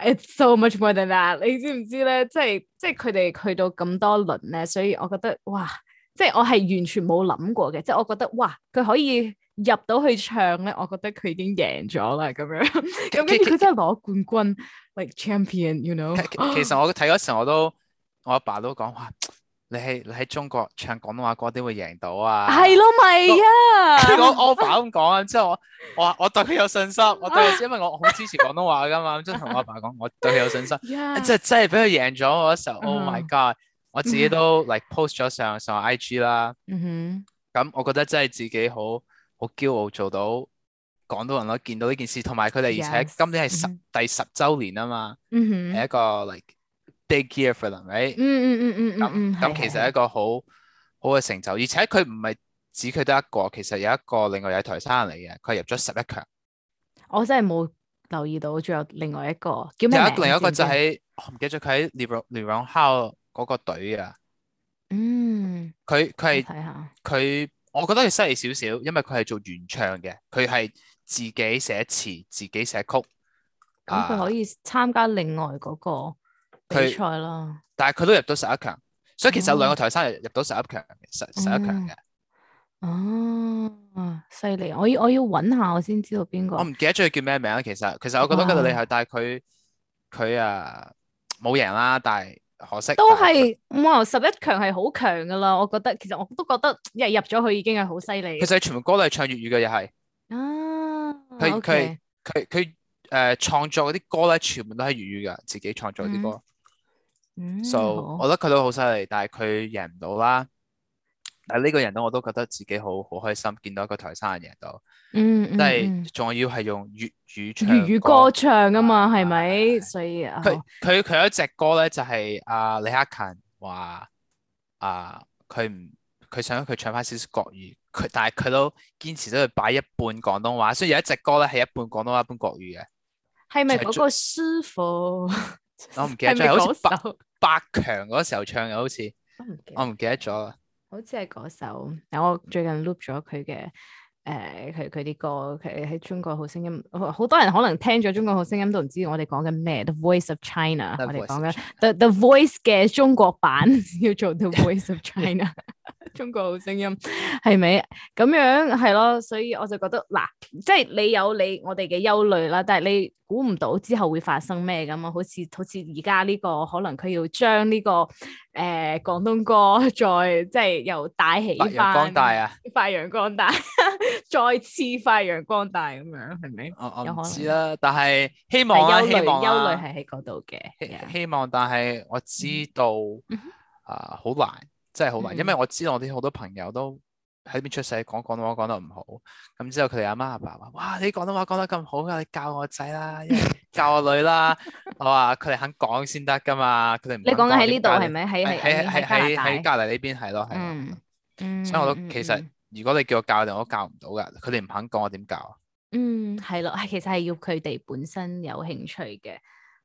Speaker 1: It's so much more than that。你知唔知咧？即係即係佢哋去到咁多輪咧，所以我覺得哇，即係我係完全冇諗過嘅。即係我覺得哇，佢可以入到去唱咧，我覺得佢已經贏咗啦咁樣。咁跟住佢真係攞冠軍，like champion，you know。其實
Speaker 2: 我睇嗰時候我都，我阿爸，爸都講話。你喺你喺中國唱廣東話歌點會贏到啊？係
Speaker 1: 咯，咪啊！我我阿
Speaker 2: 爸咁講啊，之後我我我對佢有信心，我對，因為我好支持廣東話噶嘛，即係同我阿爸講，我對佢有信心。即係真係俾佢贏咗嗰時候，Oh my god！我自己都 like post 咗上上 IG 啦。咁我覺得真係自己好好驕傲做到廣東人咯，見到呢件事，同埋佢哋，而且今年係十第十周年啊嘛。嗯係一個 like t 嗯嗯嗯嗯。
Speaker 1: 咁
Speaker 3: 咁、嗯，其實係
Speaker 2: 一個的好好嘅成就，而且佢唔係只佢得一個，其實有一個另外有台山嚟嘅，佢入咗十一強。
Speaker 1: 我真係冇留意到，仲有另外一個叫咩？有一個，一個就喺、
Speaker 2: 是、唔的記得佢喺 Leon l e o Hall 嗰個隊啊。嗯、
Speaker 3: mm,。
Speaker 2: 佢佢係睇
Speaker 1: 下
Speaker 2: 佢，我覺得佢犀利少少，因為佢係做原唱嘅，佢係自己寫詞、自己寫曲。
Speaker 1: 咁佢、啊、可以參加另外嗰、那個。他比
Speaker 2: 賽啦，但係佢都入到十一強，所以其實兩個台生入入到十一強，十十一強
Speaker 1: 嘅。哦，犀利、啊！我要我要搵下，我先知道邊個。我唔
Speaker 2: 記得咗佢叫咩名啦。其實其實我覺得嗰個你係，但係佢佢啊冇贏啦，但係可惜。都係
Speaker 1: 是是哇！十一強係好強噶啦，我覺得其實我都覺得，因為入咗去已經係好犀利。其實
Speaker 2: 全部歌都係唱粵語嘅，又係。啊。
Speaker 1: 佢佢
Speaker 2: 佢佢誒，創 okay、呃、作嗰啲歌咧，全部都係粵語噶，自己創作啲歌。嗯
Speaker 3: 所以，so, 嗯、我覺得佢
Speaker 2: 都好犀利，但係佢贏唔到啦。但係呢個人咧，我都覺得自己好好開心，見到一個台山贏到。嗯嗯
Speaker 3: 嗯。係
Speaker 2: 仲是、嗯、要係用粵語唱歌粵語
Speaker 1: 歌唱啊嘛，係咪、啊？所以佢
Speaker 2: 佢佢有一隻歌咧，就係、是、阿、啊、李克勤話，啊，佢唔佢想佢唱翻少少國語，佢但係佢都堅持咗去擺一半廣東話，所以有一隻歌咧係一半廣東話一半國語嘅。
Speaker 1: 係咪嗰個師傅？ 我唔記得咗，是是好似
Speaker 2: 百百強嗰時候唱嘅，好似我唔記得咗啦。
Speaker 1: 好似係嗰首，我最近 loop 咗佢嘅。誒，佢佢啲歌，佢喺、這個、中國好聲音，好多人可能聽咗中國好聲音都唔知我哋講緊咩，The Voice of China，The Voice 我哋講緊 The The Voice 嘅中國版， 要做 The Voice of China， 中國好聲音係咪？咁樣係咯，所以我就覺得，嗱，即、就、係、是、你有你我哋嘅憂慮啦，但係你估唔到之後會發生咩咁啊？好似好似而家呢個可能佢要將呢、這個誒廣、呃、東歌再即係又帶起翻，發揚光大啊！發揚陽光大。 再次發揚光大咁
Speaker 2: 樣，係咪？我我唔知啦，但係希望啦，希望啦。憂慮係喺嗰
Speaker 1: 度嘅。希
Speaker 2: 望，但係我知道啊，好難，真係好難。因為我知道我啲好多朋友都喺邊出世，講廣東話講得唔好。咁之後佢哋阿媽阿爸話：哇，你廣東話講得咁好㗎，你教我仔啦，教我女啦。我話佢哋肯講先得噶嘛，佢哋唔。你講緊喺呢度係咪？喺喺喺喺喺隔離呢邊係咯，係啊。所以我都其實。如果你叫我教，我教唔到噶。佢哋唔肯講，我點教
Speaker 1: 啊？嗯，係咯，其實係要佢哋本身有興趣嘅，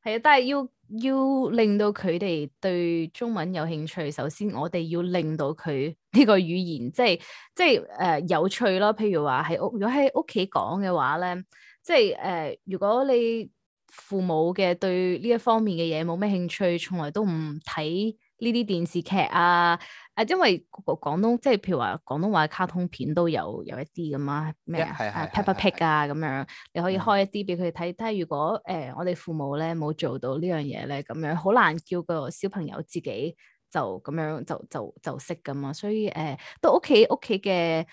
Speaker 1: 係啊，但係要要令到佢哋對中文有興趣。首先，我哋要令到佢呢個語言，即係即係誒、呃、有趣咯。譬如話喺屋，如果喺屋企講嘅話咧，即係誒、呃，如果你父母嘅對呢一方面嘅嘢冇咩興趣，從來都唔睇呢啲電視劇啊。啊，因為廣東即係譬如話廣東話卡通片都有有一啲咁，yeah，啊咩啊，Peppa Pig 啊，咁樣，你可以開一啲俾佢睇。但係如果誒、呃、我哋父母咧冇做到呢樣嘢咧，咁樣好難叫個小朋友自己就咁樣就就就識㗎嘛。所以誒、呃，都屋企屋企嘅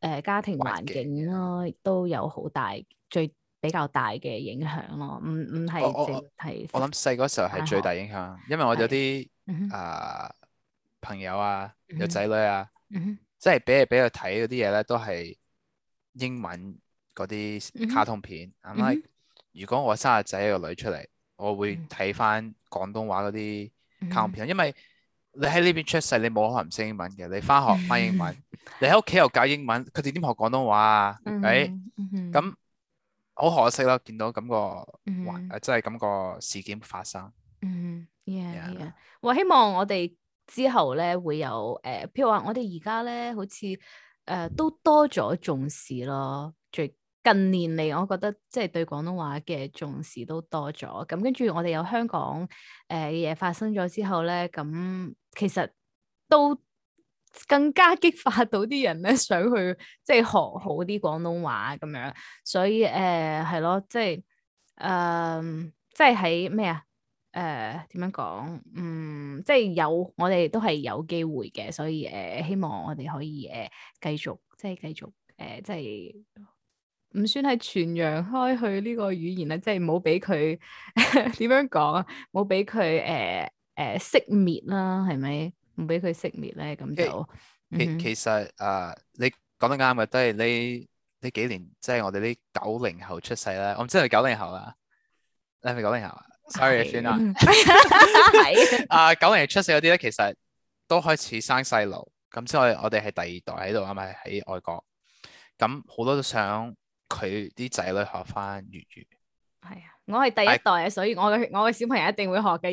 Speaker 1: 誒家庭環境咯，都有好大最比較大嘅影響咯。唔唔係淨係我
Speaker 2: 諗細個時候係最大影響，因為我有啲啊。呃嗯朋友啊，有仔女啊，即係俾啊俾佢睇嗰啲嘢咧，都係英文嗰啲卡通片。咁啊，如果我生日仔個女出嚟，我會睇翻廣東話嗰啲卡通片，因為你喺呢邊出世，你冇可能唔識英文嘅，你翻學翻英文，你喺屋企又教英文，佢哋點學廣東話啊？誒，咁好可惜咯，見到咁個，誒，即係咁個事件發生。
Speaker 1: 嗯，我希望我哋。之後咧會有誒、呃，譬如話我哋而家咧好似誒、呃、都多咗重視咯。最近年嚟，我覺得即係對廣東話嘅重視都多咗。咁跟住我哋有香港誒嘢、呃、發生咗之後咧，咁、嗯、其實都更加激發到啲人咧想去即係學好啲廣東話咁樣。所以誒係、呃、咯，即係誒、呃、即係喺咩啊？誒，點樣講？嗯，即係有，我哋都係有機會嘅，所以誒、呃，希望我哋可以誒、呃，繼續即係、呃、繼續誒、呃，即係唔算係傳揚開去呢個語言啦，即係唔好俾佢點樣講啊，唔俾佢誒誒熄滅啦，係咪？唔俾佢熄滅咧，咁就其、嗯、哼其
Speaker 2: 實啊，uh, 你講得啱嘅，都係呢你，你幾年即係、就是、我哋啲九零後出世啦，我唔知係咪九零後啊？你係咪九零後啊？Sorry 算啦，啊九零出世嗰啲咧，其實都開始生細路，咁、啊哎、所以我哋係第二代喺度啊，係咪喺外國，咁好多都想佢啲仔女學
Speaker 1: 翻粵語。係啊，我係第一代啊，所以我嘅我嘅小朋友一定會學嘅，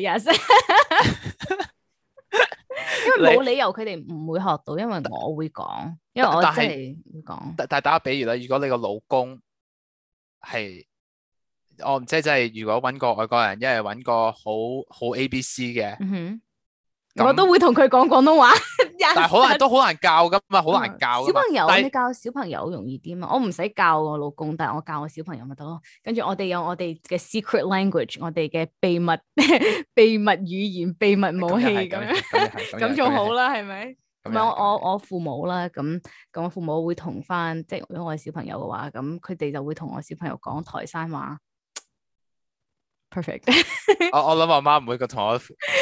Speaker 1: 因為冇理由佢哋唔會學到，因為我會講，因為我真係會講。但但係打個比喻啦，如果你個老公
Speaker 2: 係。我唔知，即係如果揾個外國人，一係揾個好好 A B C 嘅，mm hmm. 那我都
Speaker 1: 會同佢講廣東話。 實但係好難，
Speaker 2: 都好難教㗎嘛，好難教。小朋友是你
Speaker 1: 教小朋友容易啲嘛。我唔使教我老公，但係我教我小朋友咪得咯。跟住我哋有我哋嘅 secret language，我哋嘅秘密 秘密語言、秘密武器咁樣，咁仲 好啦，係咪？咁我我我父母啦，咁咁我父母會同翻，即、就、係、是、如果我係小朋友嘅話，咁佢哋就會同我小朋友講台山話。Perfect
Speaker 2: 我。我我諗我媽唔會個同
Speaker 1: 我呢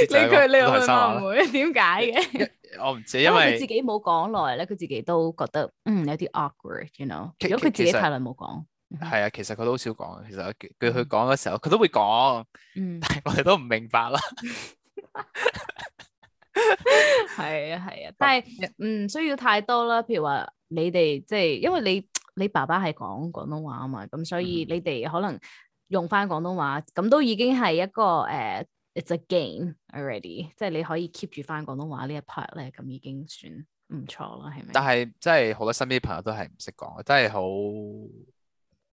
Speaker 1: 句，你又諗唔會？點解嘅？
Speaker 2: 我唔知，因為佢自
Speaker 1: 己冇講耐咧，佢自己都覺得嗯有啲 awkward，you know 實。如果佢自己太耐冇講，
Speaker 2: 係啊，其實佢都好少講。其實佢佢講嘅時候，佢都會講，但係我哋都唔明白啦。
Speaker 1: 係、嗯、 啊係啊，但係唔好、嗯、需要太多啦。譬如話你哋即係，因為你你爸爸係講廣東話啊嘛，咁所以你哋可能、嗯。用翻廣東話，咁都已經係一個誒、uh，it's a game already，即係你可以 keep 住翻廣東話呢一 part 咧，咁已經算唔錯啦，係咪？但係
Speaker 2: 真係好多身邊朋友都係唔識講，真係好，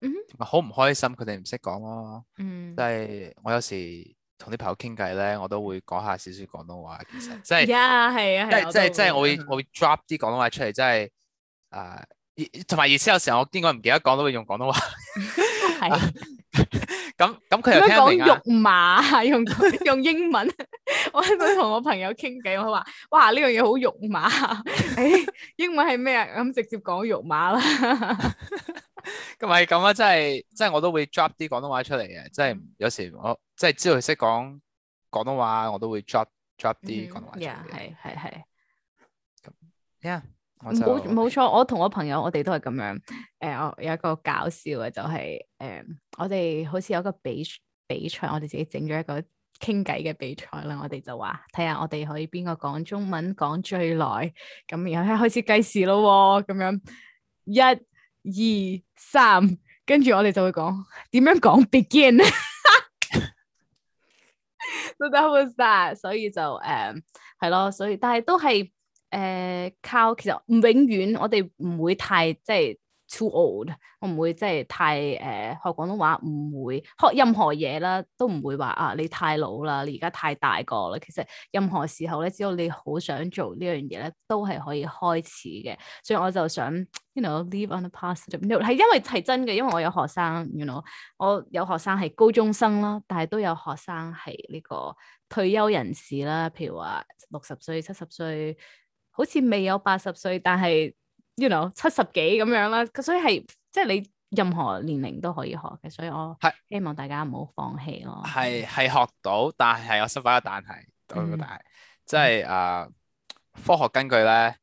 Speaker 2: 嗯、
Speaker 3: mm
Speaker 2: hmm，好唔開心。佢哋唔識講咯，嗯、hmm，即係我有時同啲朋友傾偈咧，我都會講下少少廣東話。其
Speaker 1: 實，即係，係、yeah, 啊，係是啊，即係是，即係，我會、
Speaker 2: 啊， 我會 drop 啲廣東話出嚟，即係誒，同埋意思有時候我邊個唔記得講都會用廣東話，係。 咁咁佢又聽講肉
Speaker 1: 麻，用用英文， 我喺度同我朋友傾偈，我話：哇，呢樣嘢好肉麻！誒、哎，英文係咩啊？咁直接講肉麻啦。
Speaker 2: 咁係咁啊，即係即係我都會 drop 啲廣東話出嚟嘅，即係有時我即係知道佢識講廣東話，我都會 drop drop 啲廣東話
Speaker 1: 出嚟。係咁、嗯，yeah, 冇冇錯，我同我朋友，我哋都係咁樣。誒、呃，我有一個搞笑嘅，就係、是、誒、呃，我哋好似有一個比比賽，我哋自己整咗一個傾偈嘅比賽啦、呃。我哋就話睇下我哋可以邊個講中文講最耐，咁、嗯、然後一開始計時咯，咁樣一、二、三，跟住我哋就會講點樣講 begin。都得。好晒所以就誒，係、呃、咯，所以但係都係。誒、呃，靠！其實永遠，我哋唔會太即係 too old，我唔會即係太誒、呃、學廣東話，唔會學任何嘢啦，都唔會話啊你太老啦，你而家太大個啦。其實任何時候咧，只要你好想做呢樣嘢咧，都係可以開始嘅。所以我就想，you know，live on the past，you know，係因為係真嘅，因為我有學生，you know，我有學生係高中生啦，但係都有學生係呢個退休人士啦，譬如話六十歲、七十歲。好似未有八十歲，但係 you know 七十幾咁樣啦。所以係即係你任何年齡都可以學嘅，所以我希望大家唔好放棄咯。係
Speaker 2: 係學到，但係我失敗咗。但係，嗯、
Speaker 1: 但係即
Speaker 2: 係誒，呃嗯、科學根據咧，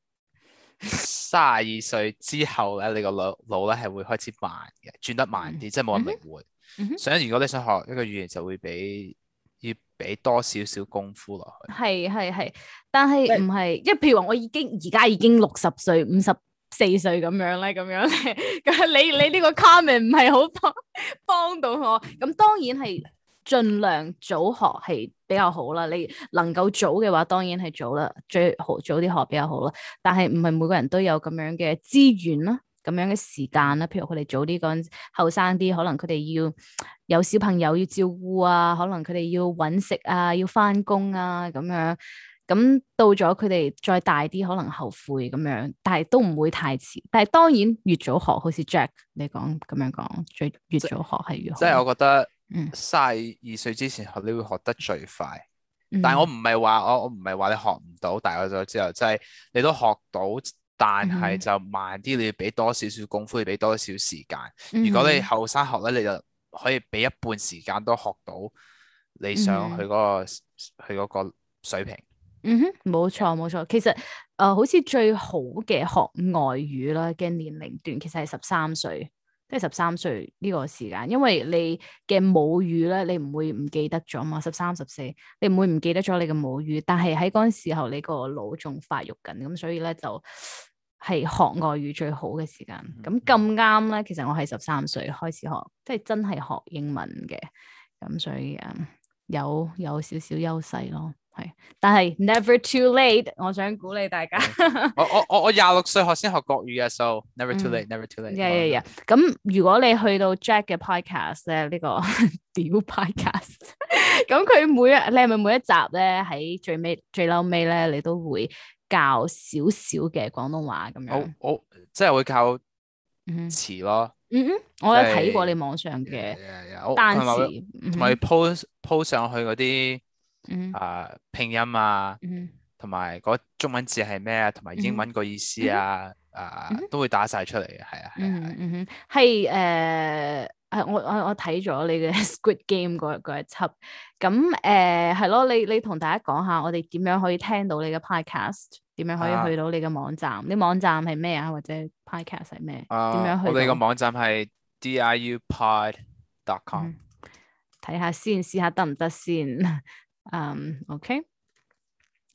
Speaker 2: 卅二歲之後咧，你個腦腦咧係會開始慢嘅，轉得慢啲，嗯、即係冇咁靈活。想、嗯哼，如果你想學一個語言，就會俾。俾多少少功夫落去，
Speaker 1: 係係係，但係唔係，即係 譬如話，我已經而家已經六十歲、五十四歲咁樣咧，咁樣咧，咁 你你呢個 comment 唔係好多幫到我，咁當然係盡量早學係比較好啦。你能夠早嘅話，當然係早啦，最好早啲學比較好啦。但係唔係每個人都有咁樣嘅資源啦。咁樣嘅時間啦，譬如佢哋早啲講，後生啲，可能佢哋要有小朋友要照顧啊，可能佢哋要搵食啊，要翻工啊，咁樣，咁到咗佢哋再大啲，可能後悔咁樣，但係都唔會太遲。但係當然越早學，好似 Jack 你講咁樣講，最越早學係越好。即係我
Speaker 2: 覺得，嗯，細二歲之前學，你會學得最快。嗯，但係我唔係話我我唔係話你學唔到，大咗之後，即係你都學到。但係就慢啲，你要俾多少少功夫，要俾多少時間。如果你後生學咧，你就可以俾一半時間都學到你想去嗰、嗰個，mm hmm，去個水平。
Speaker 1: 嗯哼、mm，冇錯冇錯。其實誒、呃，好似最好嘅學外語啦嘅年齡段，其實係十三歲，即係十三歲呢個時間，因為你嘅母語咧，你唔會唔記得咗嘛。十三、十四，你唔會唔記得咗你嘅母語。但係喺嗰陣時候，你個腦仲發育緊，咁所以咧就。係學外語最好嘅時間，咁咁啱咧。其實我係十三歲開始學，即係真係學英文嘅，咁所以啊，有有少少優勢咯。係，但係 never too late，我想鼓勵大家。
Speaker 2: 我我我我廿六歲學先學國語啊，so never too late，never too late、嗯。呀呀呀！
Speaker 1: 咁如果你去到 Jack 嘅 Pod、這個、 Do you podcast 咧，呢個屌 podcast，咁佢每一，你係咪每一集咧喺最尾最嬲尾咧，你都會？教少少嘅廣東話咁樣，我
Speaker 2: 我、oh, oh, 即係會靠詞咯。嗯嗯、
Speaker 1: mm，hmm. 是我有睇過你網上嘅
Speaker 2: 單詞，同埋 post post 上去嗰啲啊拼音啊，同埋嗰個中文字係咩啊，同埋英文個意思啊，mm hmm. 啊、mm hmm. 都會打晒出嚟嘅，係
Speaker 1: 啊係啊，嗯係誒。Mm hmm. 誒，我我我睇咗你嘅 Squid Game 嗰一輯，咁誒係咯，你你同大家講下，我哋點樣可以聽到你嘅 Podcast？點樣可以去到你嘅網站？你、uh, 網站係咩啊？或者 Podcast 係咩？啊、uh,，我哋個
Speaker 2: 網站係 diupod.com，
Speaker 1: 睇、嗯、下先，試下得唔得先？嗯、um,，OK，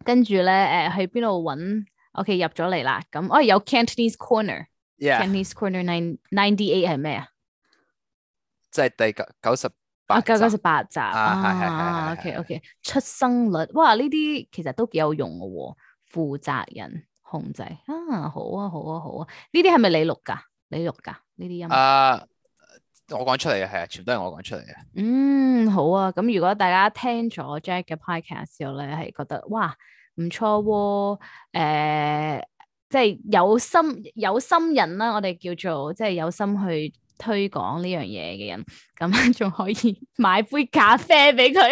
Speaker 1: 跟住咧，誒、呃，喺邊度搵？OK，入咗嚟啦。咁我、哦、有 Cantonese Corner Yeah . Cantonese Corner nine ninety eight 係咩啊。
Speaker 2: 即係第九九十
Speaker 1: 八啊，九九十八集啊，係係係 O K O K，出生率，哇，呢啲其實都幾有用嘅喎、哦。負責人控制啊，好啊好啊好啊，呢啲係咪你錄噶？你錄噶？呢啲音樂啊，
Speaker 2: 我講出嚟嘅係啊，全都係我講出嚟嘅。
Speaker 1: 嗯，好啊。咁如果大家聽咗 Jack 嘅 Podcast 嘅時候咧，係覺得哇唔錯喎、啊，即、呃、係、即係、有心有心人啦，我哋叫做即係、即係、有心去。推廣呢樣嘢嘅人，咁仲可以買杯咖啡俾佢。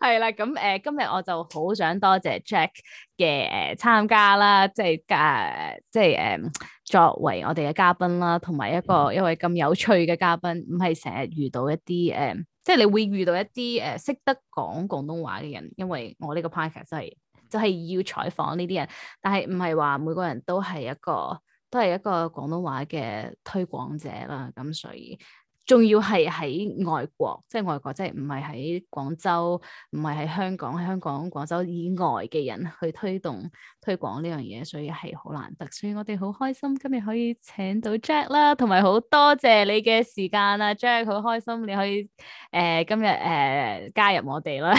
Speaker 1: 係 啦， 咁誒、呃，今日我就好想多謝 Jack 嘅誒參加啦，即係嘉、呃，即係誒、呃，作為我哋嘅嘉賓啦，同埋一個一位咁有趣嘅嘉賓，唔係成日遇到一啲誒、呃，即係你會遇到一啲誒識得講廣東話嘅人，因為我呢個 project 就係就係要採訪呢啲人，但係唔係話每個人都係一個。都係一個廣東話嘅推廣者啦，咁所以仲要係喺外國，即係外國，即係唔係喺廣州，唔係喺香港，香港廣州以外嘅人去推動推廣呢樣嘢，所以係好難得。所以我哋好開心今日可以請到 Jack 啦，同埋好多謝你嘅時間啊，Jack 好開心你可以誒、呃、今日誒、呃、加入我哋啦。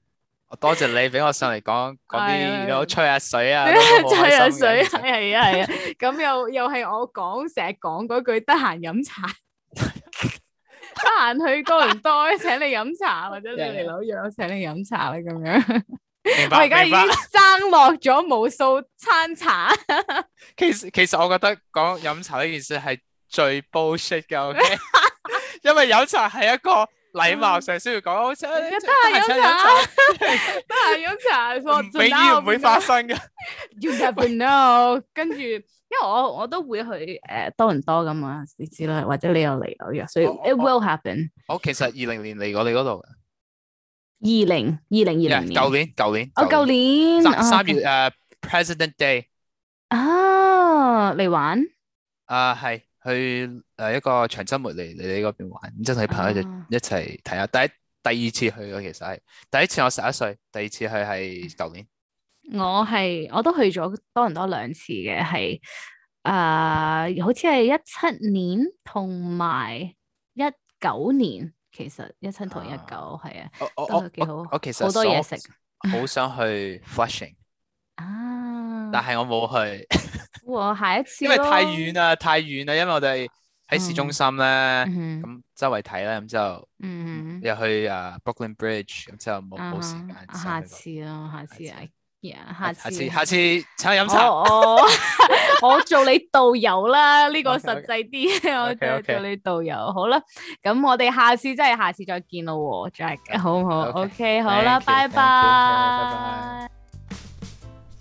Speaker 2: 多謝你俾我上嚟講講啲，都、啊、吹下水啊，很很吹下水係啊係啊，
Speaker 1: 咁、啊啊、 又又係我講，成日講嗰句得閒飲茶，得 閒去多倫多， 請你飲茶，或者你嚟紐約我，嗯、請你飲茶咧咁樣，
Speaker 3: 白我而家已經
Speaker 1: 爭落咗無數餐茶。
Speaker 2: 其實其實我覺得講飲茶呢件事係最 bullshit 嘅，OK？ 因為飲茶係一個。禮貌上需要講，
Speaker 1: 得閒飲茶，得閒飲茶，唔俾嘢唔會發生嘅。You never know。跟住，因為我我都會去誒，多倫多咁啊？你知啦，或者你又嚟紐約，所以 it will happen。我其
Speaker 2: 實二零年嚟過你嗰度。二零
Speaker 1: 二零二零年，舊年
Speaker 2: 舊年，哦，舊年三月誒，President Day。
Speaker 1: 啊，嚟玩。
Speaker 2: 啊，係。去誒一個長周末嚟嚟你哋嗰邊玩，然之後同朋友就一齊睇下。啊、第一第二次去嘅其實係第一次我十一歲，第二次去係舊年。
Speaker 1: 我係我都去咗多倫多兩次嘅，係誒、呃、好似係一七年同埋一九年，其實一七同一九係啊，的啊都幾好我我。我其實好多嘢食，好 soft,
Speaker 2: 想去 fashion，啊、但係我冇去。
Speaker 1: 下一次，因為太遠
Speaker 2: 啦，太遠啦，因為我哋喺市中心咧，咁周圍睇啦，咁之後，入去啊，Brooklyn Bridge，咁之後冇冇時
Speaker 1: 間，下次咯，下次係，下次下次請你飲茶，我做你導遊啦，呢個實際啲，我做你導遊，好啦，咁我哋下次真係下次再見咯，Jack，好唔好？OK，好啦，拜拜。